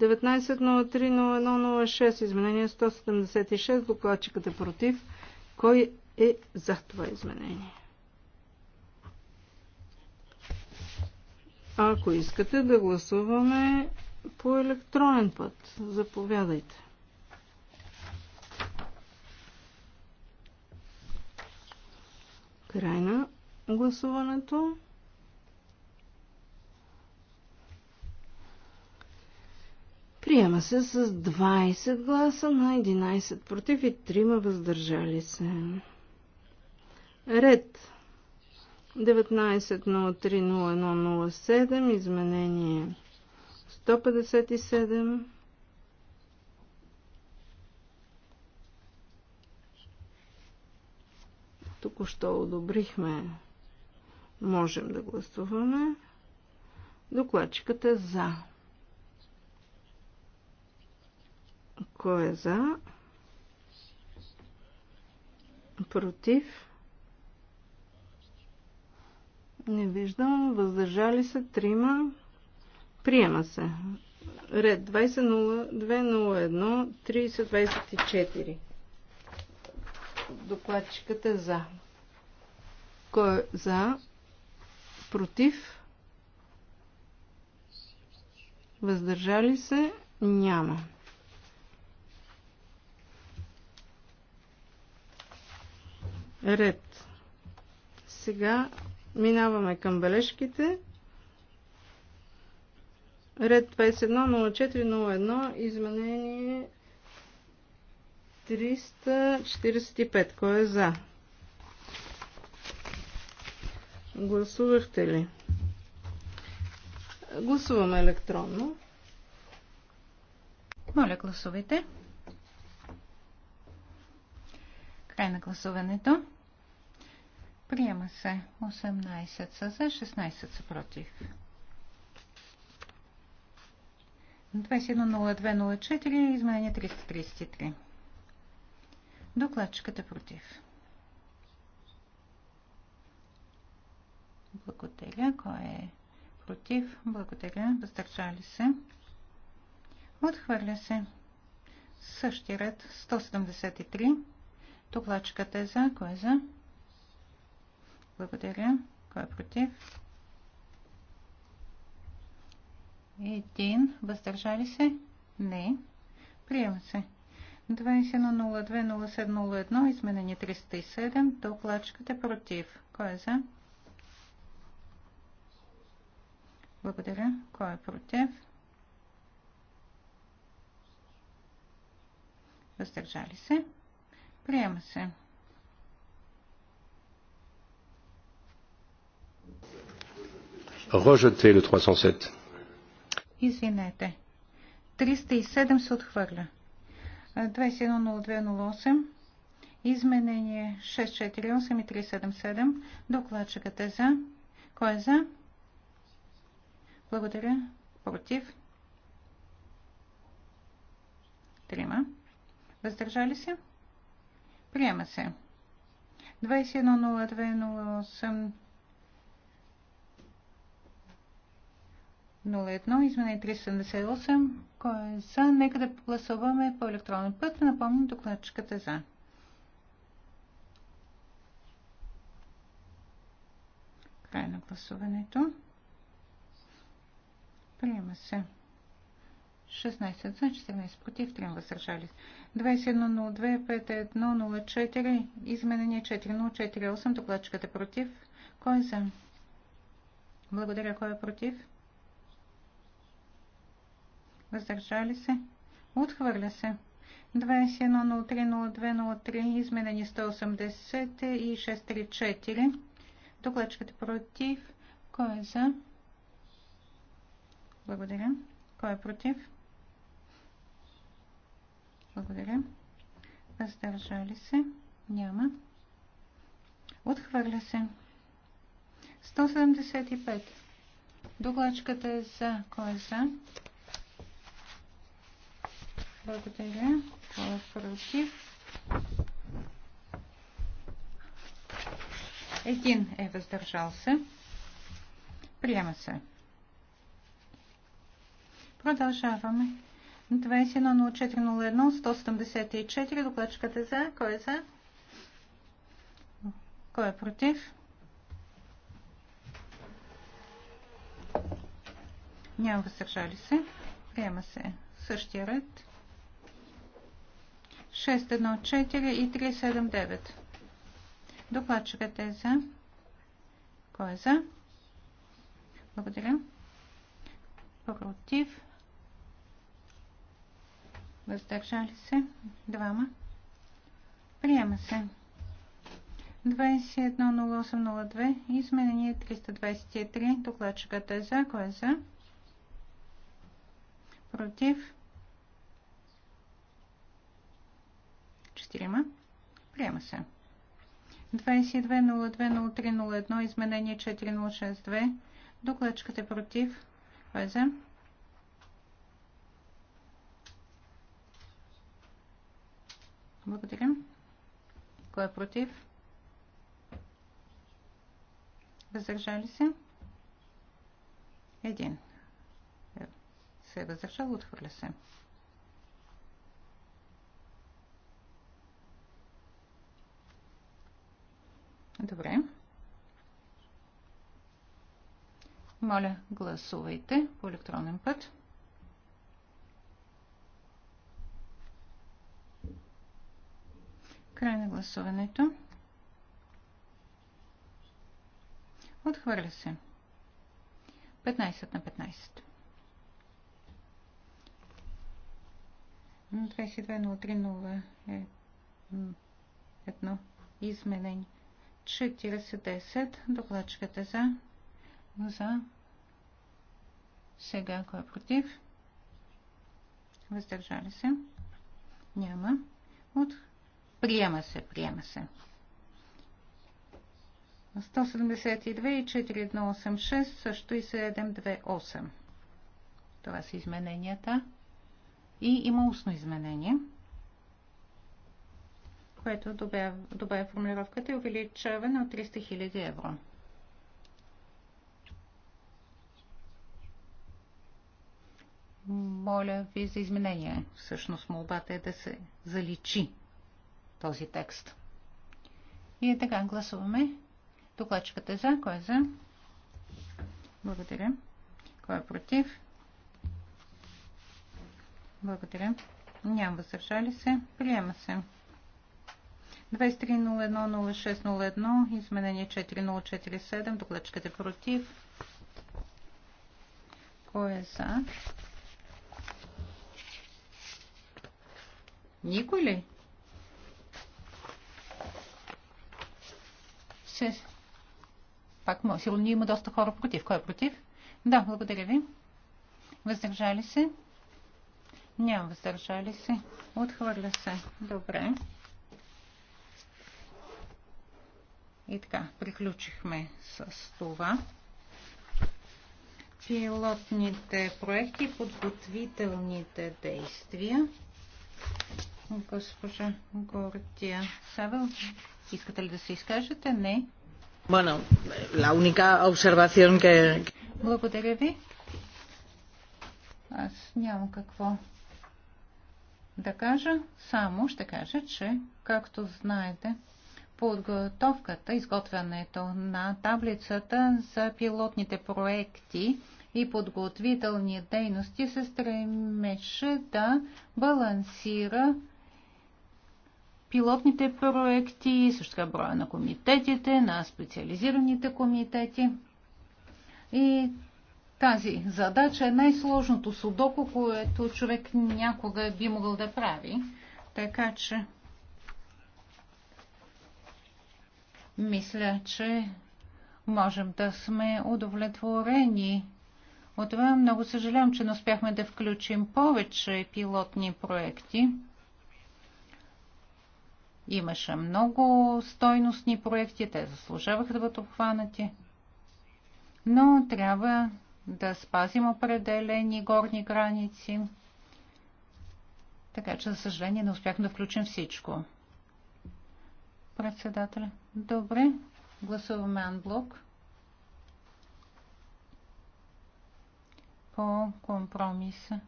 C: 19.03.01.06, изменение 176, докладчикът е против. Кой е за това изменение? Ако искате да гласуваме по електронен път. Заповядайте. Край на гласуването. Приема се с 20 гласа на 11 против и 3 въздържали се. Ред 19.03.01.07 изменение 157. Току-що одобрихме. Можем да гласуваме. Докладчиката е за. Кой е за? Против? Не виждам. Въздържали се трима. Приема се. Ред 20.02.01.30.24. Докладчикът е за. Кой е за? Против? Въздържали се? Няма. Ред. Сега минаваме към бележките. Ред 510401, изменение 345. Кой е за? Гласувахте ли? Гласуваме електронно. Моля, гласувайте.
A: Край на гласуването. Приема се 18 са за, 16 са против. 210204, изменение 333. Докладчикът е против. Благодаря. Кой е против? Благодаря. Въздържали се. Отхвърля се. Същия ред. 173. Докладчикът е за. Кой е за? Благодаря. Кой е против? Един. Въздържали се? Не. Приема се. 21020701. Изменени 307. Докладчиката против. Кой е за? Благодаря. Кой е против? Въздържали се. Приема се.
B: Rejeté le 307.
A: Извинете. 307 се отхвърля. 210208. Изменение 648 и 377. Докладчикът е за. Кой е за? Благодаря. Против. Трима. Въздържали се? Приема се. 210208 01, измене 378. Кой е за? Нека да гласуваме по електронен път. Напомням, докладчиката е за. Край на гласуването. Приема се. 16 за, 14 против, 3 въздържали. 2102-5104, изменение 4048, докладчиката е против. Кой е за? Благодаря, кой е против? въздържали се, отхвърля се. 2103-0203, изменени 180 и 634. Докладчиката е против. Кой е за? Благодаря. Кой е против? Благодаря. Въздържали се? Няма. Отхвърля се. 175. Докладчиката е за. Кой е за? Благодаря. Това е против? Един е въздържал се. Приема се. Продължаваме. 21.04.01.174. Докладчикът е за. Кой е за? Кой е против? Няма въздържали се. Приема се същия ред. 614 и 379. Докладчикът е за. Кой е за? Благодаря. Против. Въздържали се. Двама. Приема се. 210802. Изменение 323. Докладчикът е за. Кой е за? Против. четирима. Приема се. 22.02.03.01. Изменение 4.062. Докладчиката е против. Кой е за? Благодаря. Кой е против? Въздържали се? Един. Се е въздържал, отхвърля се. Добре. Моля, гласувайте по електронен път. Край на гласуването. Отхвърля се. 15 на 15. 22.03.01 е изменение. 40-10. Докладчиката е за. За. Сега ако е против? Въздържали се? Няма. От... Приема се, приема се. 172 и 4186, също и 728. Това са измененията. И има устно изменение което добавя формулировката и увеличаване от 300 000 евро. Моля ви за изменение. Всъщност молбата е да се заличи този текст. И така, гласуваме. Докладчикът е за. Кой е за? Благодаря. Кой е против? Благодаря. Няма възражали се. Приема се. 2301-0601, изменение 4047, докладчиката е против. Кой е за? Никой ли? Се... Пак, може. сигурно има доста хора против. Кой е против? Да, благодаря ви. Въздържали се? Няма въздържали се. Отхвърля се. Добре. И така, приключихме с това. Пилотните проекти, подготвителните действия. Госпожа Гортия Савел, искате ли да се изкажете? Не.
C: Bueno,
B: la
A: única observación que... Благодаря ви. Аз нямам какво да кажа, само ще кажа, че, както знаете, подготовката, изготвянето на таблицата за пилотните проекти и подготвителни дейности се стремеше да балансира пилотните проекти, също така броя на комитетите, на специализираните комитети. И тази задача е най-сложното судоко, което човек някога би могъл да прави. Така че Мисля, че можем да сме удовлетворени. От това много съжалявам, че не успяхме да включим повече пилотни проекти. Имаше много стойностни проекти, те заслужаваха да бъдат обхванати. Но трябва да спазим определени горни граници. Така че, за съжаление, не успяхме да включим всичко. Председателя. Добре. Гласуваме анблок. По компромиса.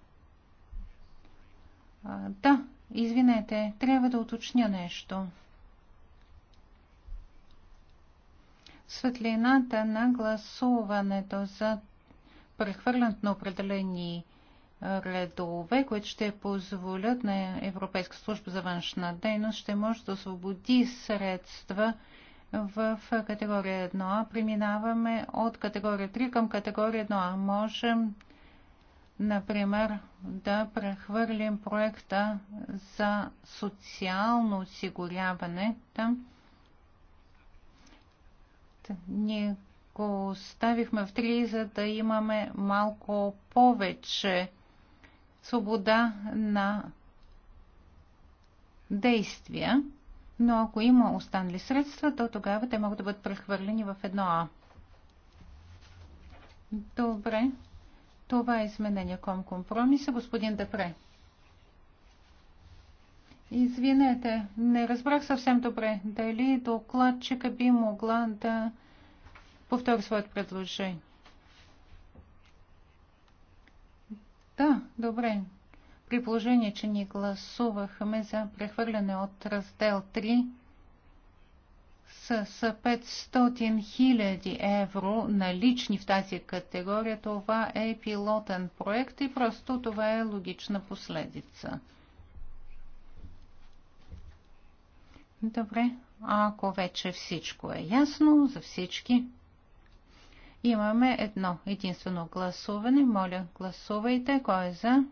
A: А, да, извинете, трябва да уточня нещо. Светлината на гласуването за прехвърлянето на определени редове, които ще позволят на Европейска служба за външна дейност, ще може да освободи средства в категория 1А. Преминаваме от категория 3 към категория 1А. Можем, например, да прехвърлим проекта за социално осигуряване. Да? Ние го ставихме в 3, за да имаме малко повече свобода на действия, но ако има останали средства, то тогава те могат да бъдат прехвърлени в едно А. Добре. Това е изменение към компромиса. Господин Депре. Извинете, не разбрах съвсем добре дали докладчика би могла да повтори своят предложение. Да, добре. При положение, че ни гласувахме за прехвърляне от раздел 3 с 500 000 евро налични в тази категория, това е пилотен проект и просто това е логична последица. Добре, ако вече всичко е ясно за всички. Имаме едно единствено гласуване. Моля, гласувайте. Кой е за?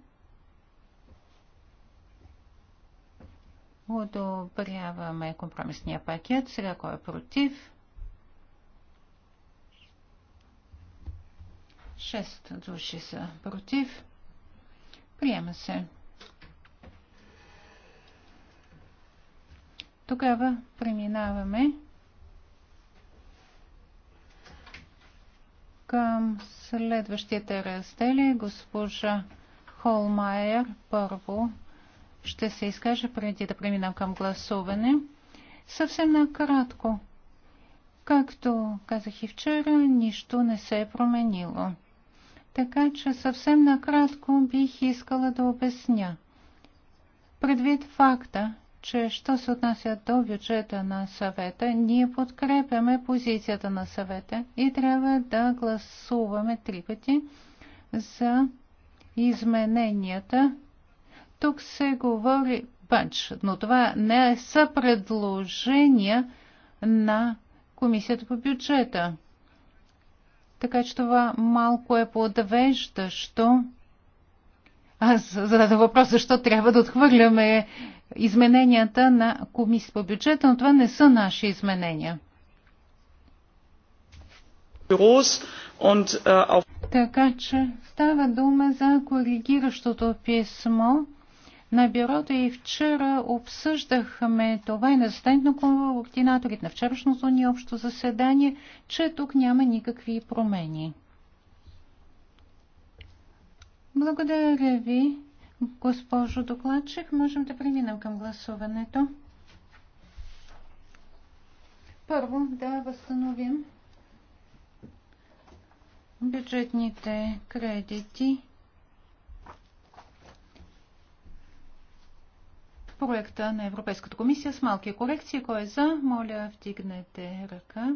A: Одобряваме компромисния пакет. Сега кой е против? 6 души са против. Приема се. Тогава преминаваме към следващите раздели. Госпожа Холмайер първо ще се изкаже преди да преминам към гласуване. Съвсем накратко. Както казах и вчера, нищо не се е променило. Така че съвсем накратко бих искала да обясня. Предвид факта, че що се отнася до бюджета на съвета, ние подкрепяме позицията на съвета и трябва да гласуваме три пъти за измененията. Тук се говори панч, но това не са предложения на Комисията по бюджета. Така че това малко е подвеждащо аз зададе въпрос, защо трябва да отхвърляме измененията на комисия по бюджета, но това не са наши изменения. Така че става дума за коригиращото писмо на бюрото и вчера обсъждахме това и на заседанието на координаторите на вчерашното ни общо заседание, че тук няма никакви промени. Благодаря ви, госпожо докладчик. Можем да преминем към гласуването. Първо да възстановим бюджетните кредити. проекта на Европейската комисия с малки корекции. Кой е за? Моля, вдигнете ръка.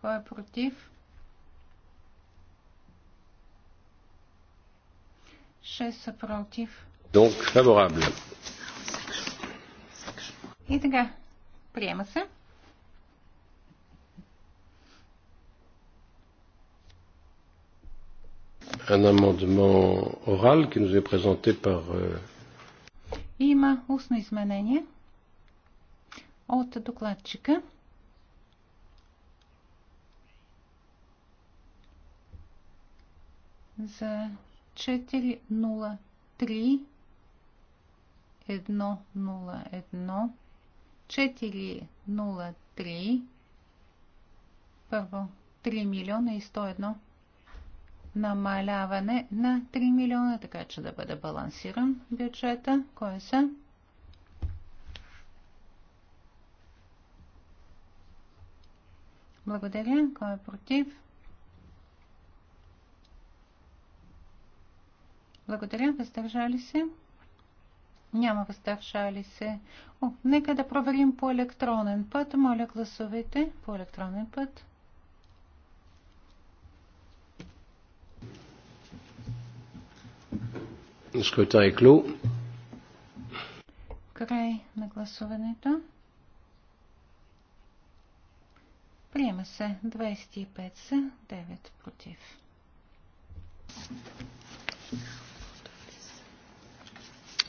A: Кой е против? 6 са против. Donc, favorable. И така, приема се.
B: Un amendement oral qui nous est présenté par... Euh,
A: Има устно изменение от докладчика. за 403 403 първо 3 милиона и 101 намаляване на 3 милиона, така че да бъде балансиран бюджета. Кое са? Благодаря. Кой е против? Благодаря. Въздържали се? Няма въздържали се. О, нека да проверим по електронен път. Моля, гласувайте по електронен път.
B: Скрутай е клю.
A: Край на гласуването. Приема се 25 са 9 против.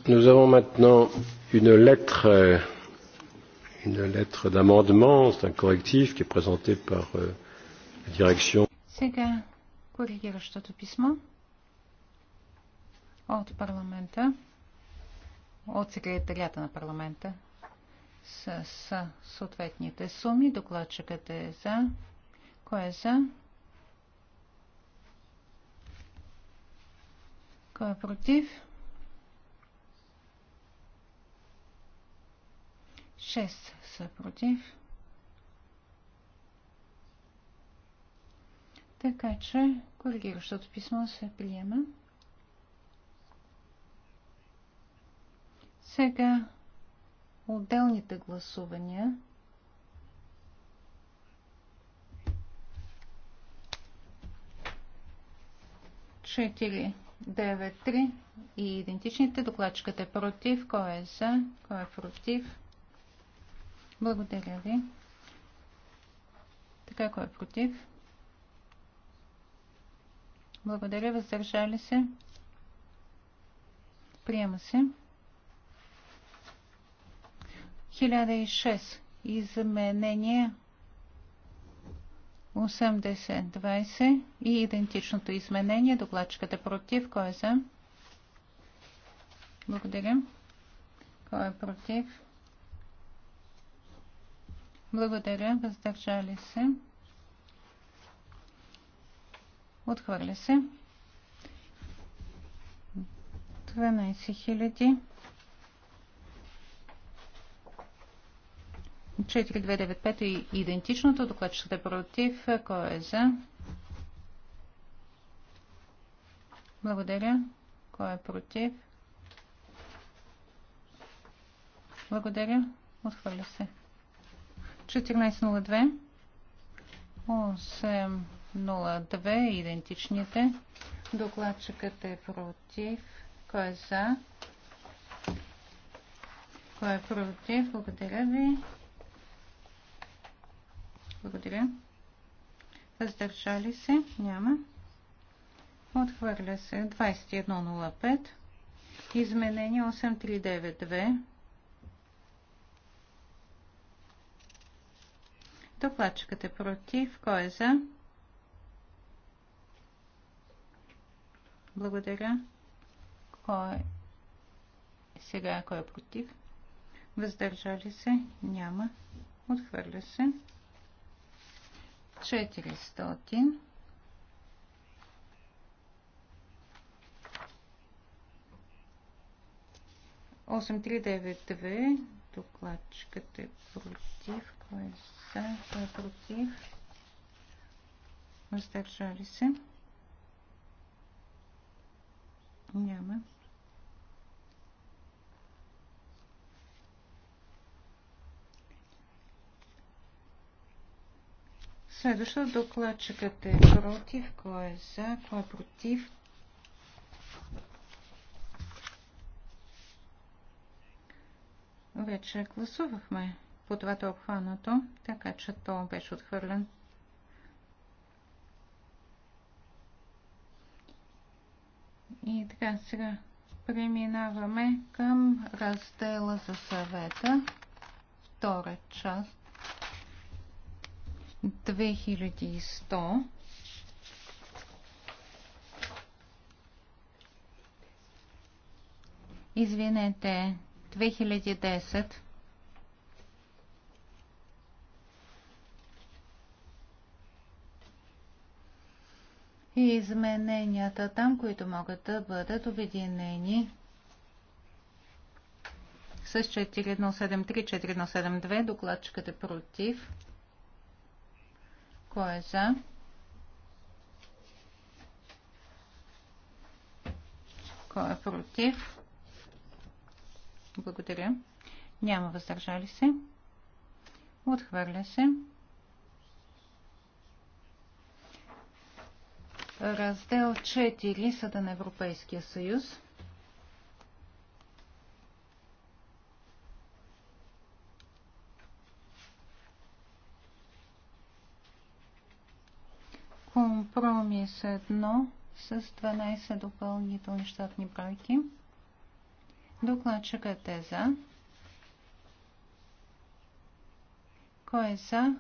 B: Nous avons maintenant une lettre, euh, une lettre d'amendement, c'est un correctif qui est présenté par euh, la direction.
A: Сега коригиращото писмо от парламента, от секретарията на парламента с, с съответните суми. Докладчикът е за. Кой е за? Кой е против? 6 са против. Така че коригиращото писмо се приема. Сега отделните гласувания. Четири, девет, три и идентичните. Докладчиката е против. Кой е за? Кой е против? Благодаря ви. Така, кой е против? Благодаря, въздържали се. Приема се. 1006. Изменение 80-20 и идентичното изменение. Докладчиката е против. Кой е за? Благодаря. Кой е против? Благодаря. Въздържали се. Отхвърля се. 12 000. 4295 и идентичното. Докладчикът е против. Кой е за? Благодаря. Кой е против? Благодаря. Отхвърля се. 1402, 802, идентичните. Докладчикът е против. Кой е за? Кой е против? Благодаря ви. Благодаря. Въздържали се? Няма. Отхвърля се 2105. Изменение 8392. Докладчикът е против. Кой е за? Благодаря. Кой е? Сега кой е против? Въздържали се? Няма. Отхвърля се. 400. Осем три девет две. Докладчикът е против. Кой е за? Кой е против? Въздържали се? Няма. Следващо докладчикът е против, кой е за, кой е против. Вече гласувахме по е обхванато, така че то беше отхвърлен. И така, сега преминаваме към раздела за съвета, втора част, 2100. Извинете, 2010. и измененията там, които могат да бъдат обединени с 4173-4172. Докладчикът е против. Кой е за? Кой е против? Благодаря. Няма въздържали се. Отхвърля се. Раздел 4 Съда на Европейския съюз. Компромис 1 с 12 допълнителни щатни бройки. Докладчикът е за. Кой е за?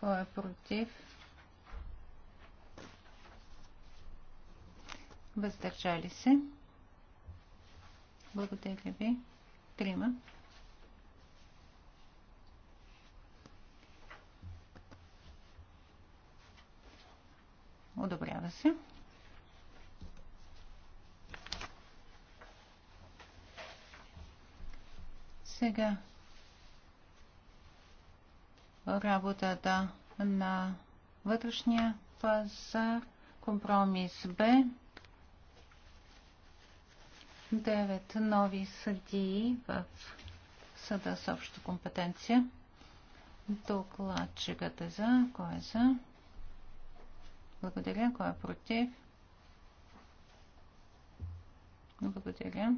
A: Кой е против? Въздържали се. Благодаря ви. Трима. Одобрява се. Сега работата на вътрешния пазар. Компромис Б. 9 нови съдии в съда с обща компетенция. Докладчикът е за. Кой е за? Благодаря. Кой е против? Благодаря.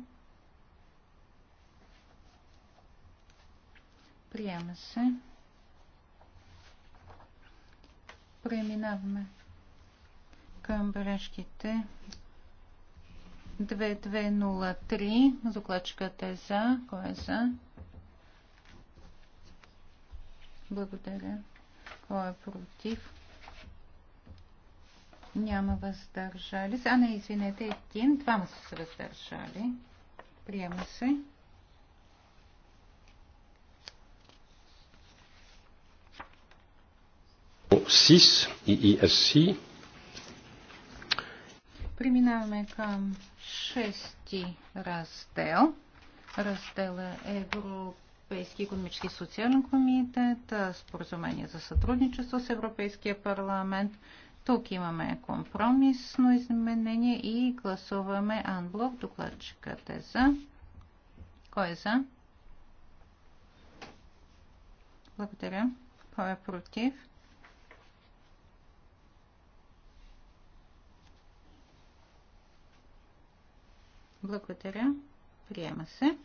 A: Приема се. Преминаваме към брешките. 2203. Докладчикът е за. Кой е за? Благодаря. Кой е против? Няма въздържали се. А, не, извинете, един. Двама са се въздържали. Приема се.
B: 6, EESC. Е
A: Преминаваме към шести раздел. Раздела е Европейски економически и социален комитет, споразумение за сътрудничество с Европейския парламент. Тук имаме компромисно изменение и гласуваме анблок. Докладчикът е за. Кой е за? Благодаря. Кой е против? Благодаря. Приема се.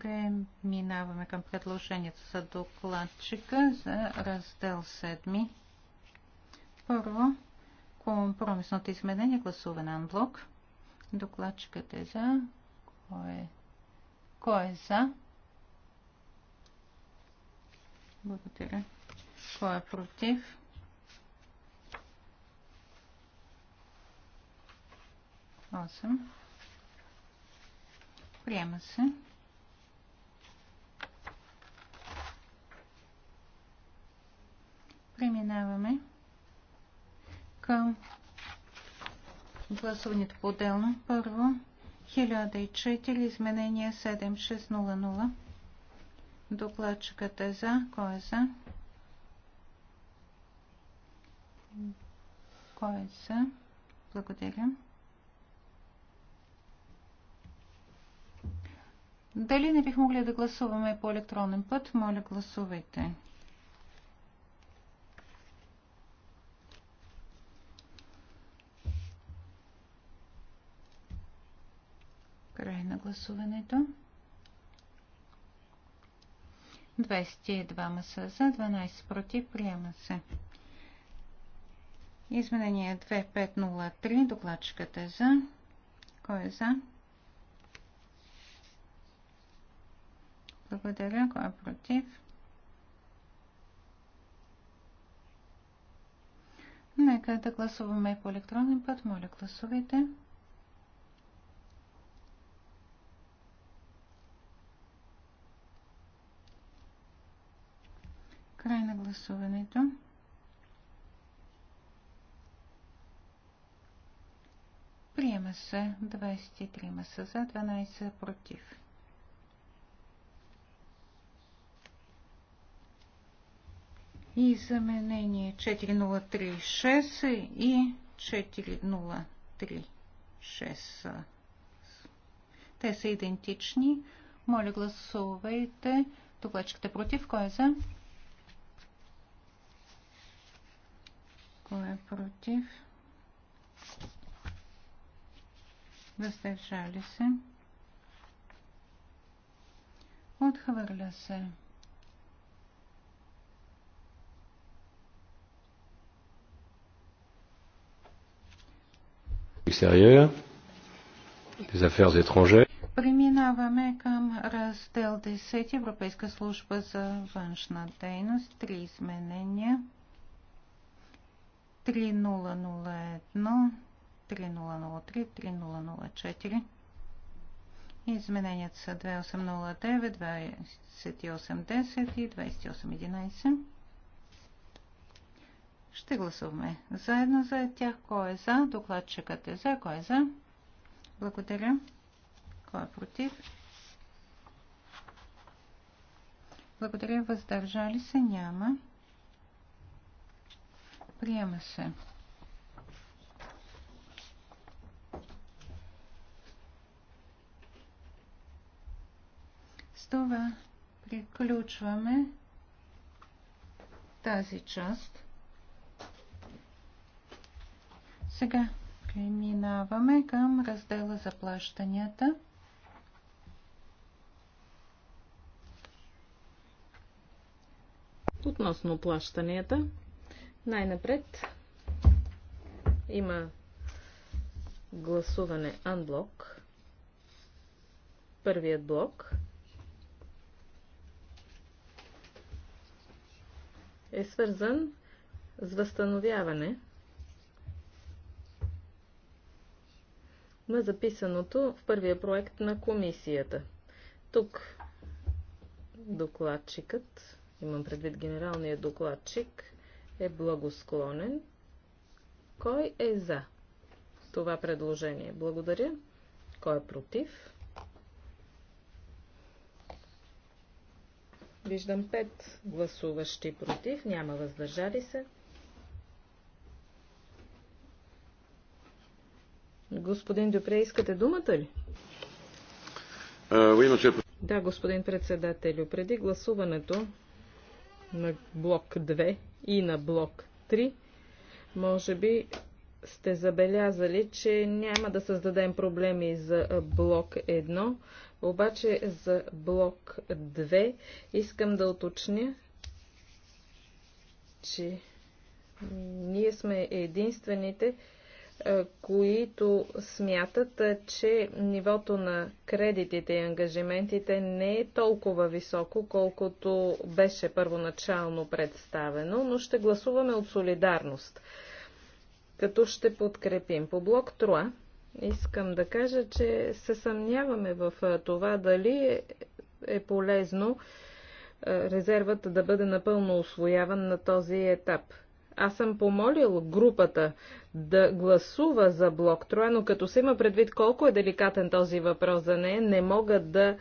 A: Преминаваме към предложението за докладчика за раздел 7. Първо, компромисното изменение, гласуване на блок. Докладчикът е за. Кой е, Кой е за? Благодаря. Кой е против? Осем. Приема се. Преминаваме към гласуването по-отделно. Първо, 1004, изменение 7600. Докладчикът е за. Кой е за? Кой е са? Благодаря. Дали не бих могли да гласуваме по електронен път? Моля, гласувайте. Край на гласуването. 22 маса за, 12 против. Приема се. Изменение 2503. Докладчиката е за. Кой е за? Благодаря. Кой е против? Нека да гласуваме по електронен път. Моля, гласувайте. Край на гласуването. Приема се 23 са за, 12 против. И заменение 4036 и 4036. Те са идентични. Моля гласувайте. Докладчиката против. Кой е за? Кой е против? въздържали се, отхвърля се.
B: Extérieur, des affaires étrangères.
A: Преминаваме към раздел 10 Европейска служба за външна дейност. Три изменения. 3001 3003, 3004. Измененията са 2809, 2810 и 2811. Ще гласуваме заедно за тях. Кой е за? Докладчикът е за. Кой е за? Благодаря. Кой е против? Благодаря. Въздържали се? Няма. Приема се. това приключваме тази част. Сега преминаваме към раздела за плащанията.
B: Относно плащанията, най-напред има гласуване анблок. Първият блок – е свързан с възстановяване на записаното в първия проект на комисията. Тук докладчикът, имам предвид генералния докладчик, е благосклонен. Кой е за това предложение? Благодаря. Кой е против? Виждам 5 гласуващи против, няма въздържали се. Господин Дюпре, искате думата ли? Да, господин председателю, преди гласуването на блок 2 и на блок 3, може би сте забелязали, че няма да създадем проблеми за блок 1, обаче за блок 2 искам да уточня, че ние сме единствените, които смятат, че нивото на кредитите и ангажиментите не е толкова високо, колкото беше първоначално представено, но ще гласуваме от солидарност, като ще подкрепим. По блок 3 Искам да кажа, че се съмняваме в това дали е полезно резервът да бъде напълно освояван на този етап. Аз съм помолил групата да гласува за блок Троя, но като се има предвид колко е деликатен този въпрос за нея, не мога да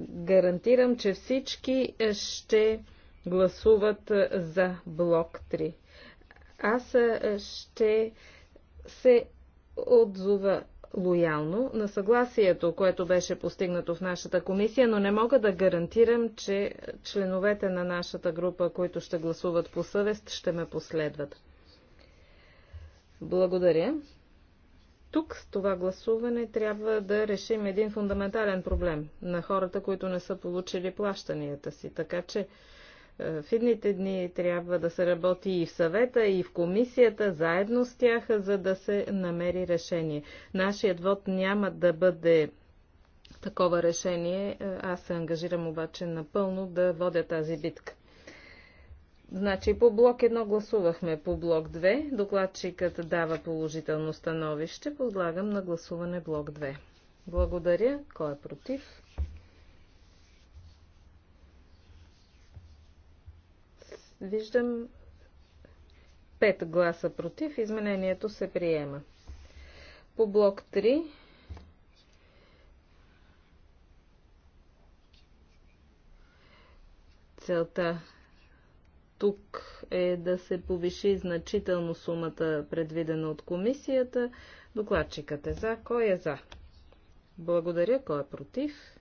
B: гарантирам, че всички е, ще гласуват е, за блок 3. Аз е, ще се отзова лоялно на съгласието, което беше постигнато в нашата комисия, но не мога да гарантирам, че членовете на нашата група, които ще гласуват по съвест, ще ме последват. Благодаря. Тук с това гласуване трябва да решим един фундаментален проблем на хората, които не са получили плащанията си. Така че е, в едните дни трябва да се работи и в съвета, и в комисията, заедно с тях, за да се намери решение. Нашият вод няма да бъде такова решение. Е, аз се ангажирам обаче напълно да водя тази битка. Значи по блок 1 гласувахме, по блок 2 докладчикът дава положително становище, подлагам на гласуване блок 2. Благодаря. Кой е против? Виждам 5 гласа против. Изменението се приема. По блок 3 целта тук е да се повиши значително сумата, предвидена от комисията. Докладчикът е за. Кой е за? Благодаря. Кой е против?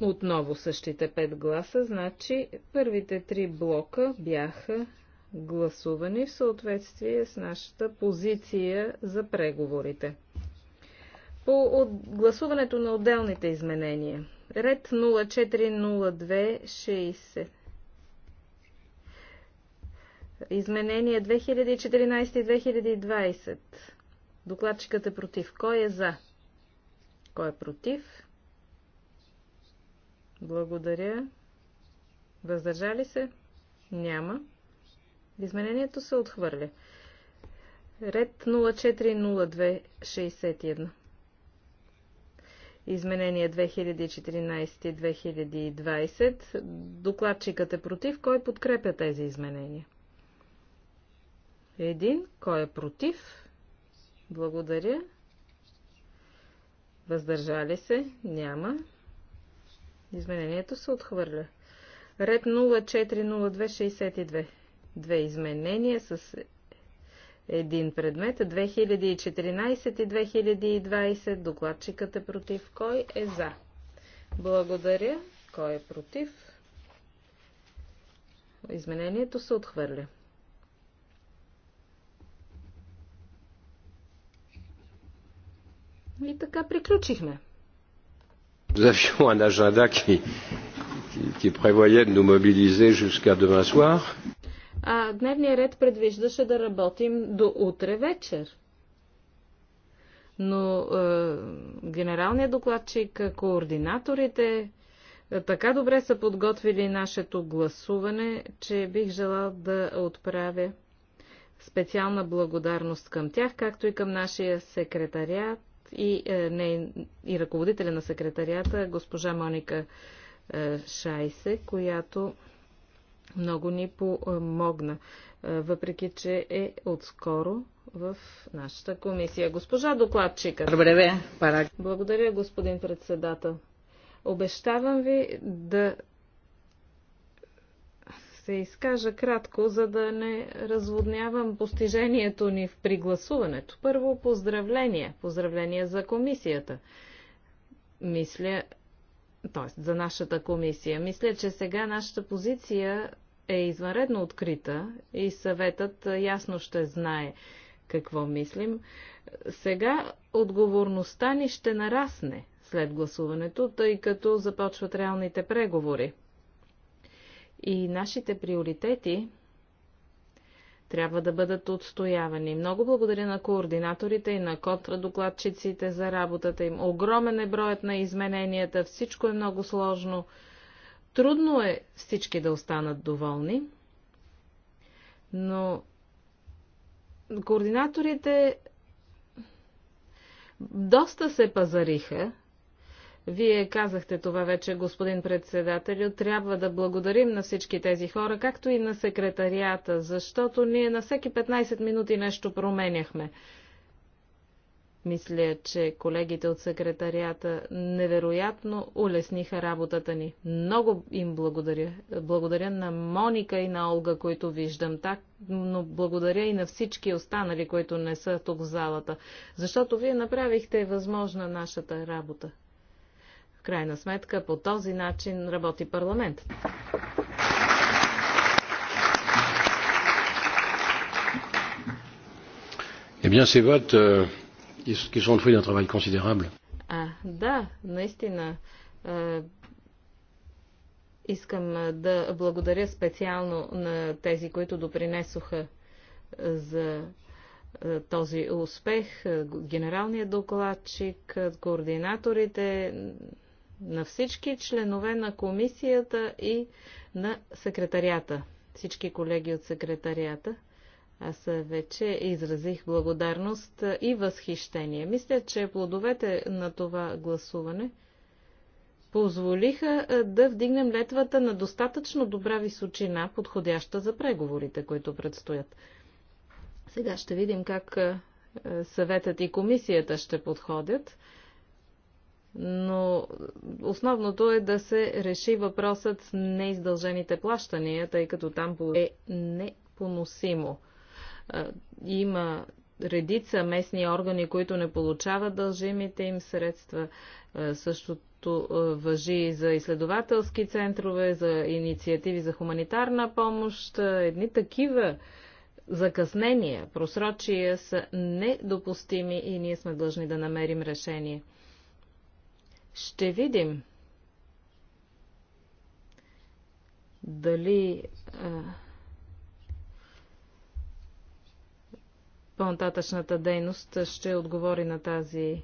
B: Отново същите пет гласа, значи първите три блока бяха гласувани в съответствие с нашата позиция за преговорите. По гласуването на отделните изменения. Ред 040260. Изменение 2014-2020. Докладчикът е против. Кой е за? Кой е против? Благодаря. Въздържали се? Няма. Изменението се отхвърля. Ред 040261. Изменение 2014-2020. Докладчикът е против. Кой подкрепя тези изменения? Един. Кой е против? Благодаря. Въздържали се? Няма. Изменението се отхвърля. Ред 040262. Две изменения с един предмет. 2014 и 2020. Докладчикът е против. Кой е за? Благодаря. Кой е против? Изменението се отхвърля. И така приключихме. Nous avions un agenda qui, qui, qui prévoyait de nous mobiliser jusqu'à demain soir. А дневният ред предвиждаше да работим до утре вечер. Но е, генералният докладчик, координаторите е, така добре са подготвили нашето гласуване, че бих желал да отправя специална благодарност към тях, както и към нашия секретариат и, е, не, и ръководителя на секретарията, госпожа Моника е, Шайсе, която много ни помогна, е, въпреки че е отскоро в нашата комисия. Госпожа докладчика. Благодаря, господин председател. Обещавам ви да се изкажа кратко, за да не разводнявам постижението ни в пригласуването. Първо поздравление. Поздравление за комисията. Мисля, т.е. за нашата комисия. Мисля, че сега нашата позиция е извънредно открита и съветът ясно ще знае какво мислим. Сега отговорността ни ще нарасне след гласуването, тъй като започват реалните преговори и нашите приоритети трябва да бъдат отстоявани. Много благодаря на координаторите и на контрадокладчиците за работата им. Огромен е броят на измененията, всичко е много сложно. Трудно е всички да останат доволни, но координаторите доста се пазариха вие казахте това вече, господин председател, Трябва да благодарим на всички тези хора, както и на секретарията, защото ние на всеки 15 минути нещо променяхме. Мисля, че колегите от секретарията невероятно улесниха работата ни. Много им благодаря. Благодаря на Моника и на Олга, които виждам так, но благодаря и на всички останали, които не са тук в залата, защото вие направихте възможна нашата работа крайна сметка по този начин работи парламент. Eh bien, ces votes, euh, qui sont le fruit d'un travail considérable. А, да, наистина. искам да благодаря специално на тези, които допринесоха за този успех, генералният докладчик, координаторите, на всички членове на комисията и на секретарията. Всички колеги от секретарията. Аз вече изразих благодарност и възхищение. Мисля, че плодовете на това гласуване позволиха да вдигнем летвата на достатъчно добра височина, подходяща за преговорите, които предстоят. Сега ще видим как съветът и комисията ще подходят но основното е да се реши въпросът с неиздължените плащания, тъй като там е непоносимо. Има редица местни органи, които не получават дължимите им средства. Същото въжи и за изследователски центрове, за инициативи за хуманитарна помощ. Едни такива закъснения, просрочия са недопустими и ние сме длъжни да намерим решение. Ще видим дали по-нататъчната дейност ще отговори на тази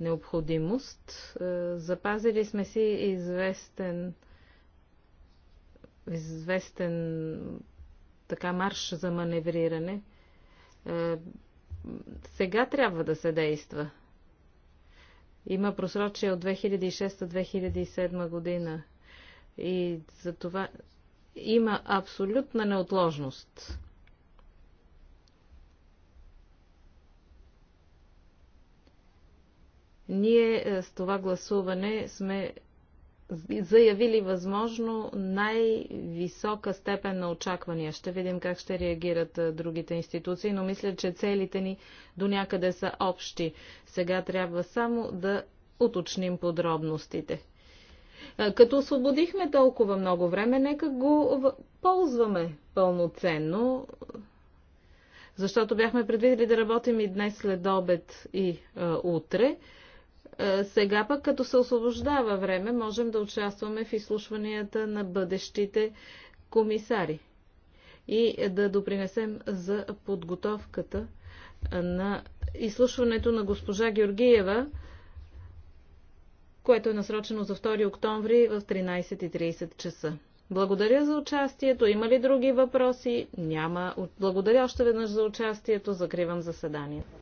B: необходимост. Запазили сме си известен известен така марш за маневриране. Сега трябва да се действа. Има просрочие от 2006-2007 година. И за това има абсолютна неотложност. Ние е, с това гласуване сме заявили възможно най-висока степен на очаквания. Ще видим как ще реагират другите институции, но мисля, че целите ни до някъде са общи. Сега трябва само да уточним подробностите. Като освободихме толкова много време, нека го ползваме пълноценно, защото бяхме предвидели да работим и днес след обед и а, утре. Е, сега пък, като се освобождава време, можем да участваме в изслушванията на бъдещите комисари и да допринесем за подготовката е, на изслушването на госпожа Георгиева, което е насрочено за 2 октомври в 13.30 часа. Благодаря за участието. Има ли други въпроси? Няма. Благодаря още веднъж за участието. Закривам заседанието.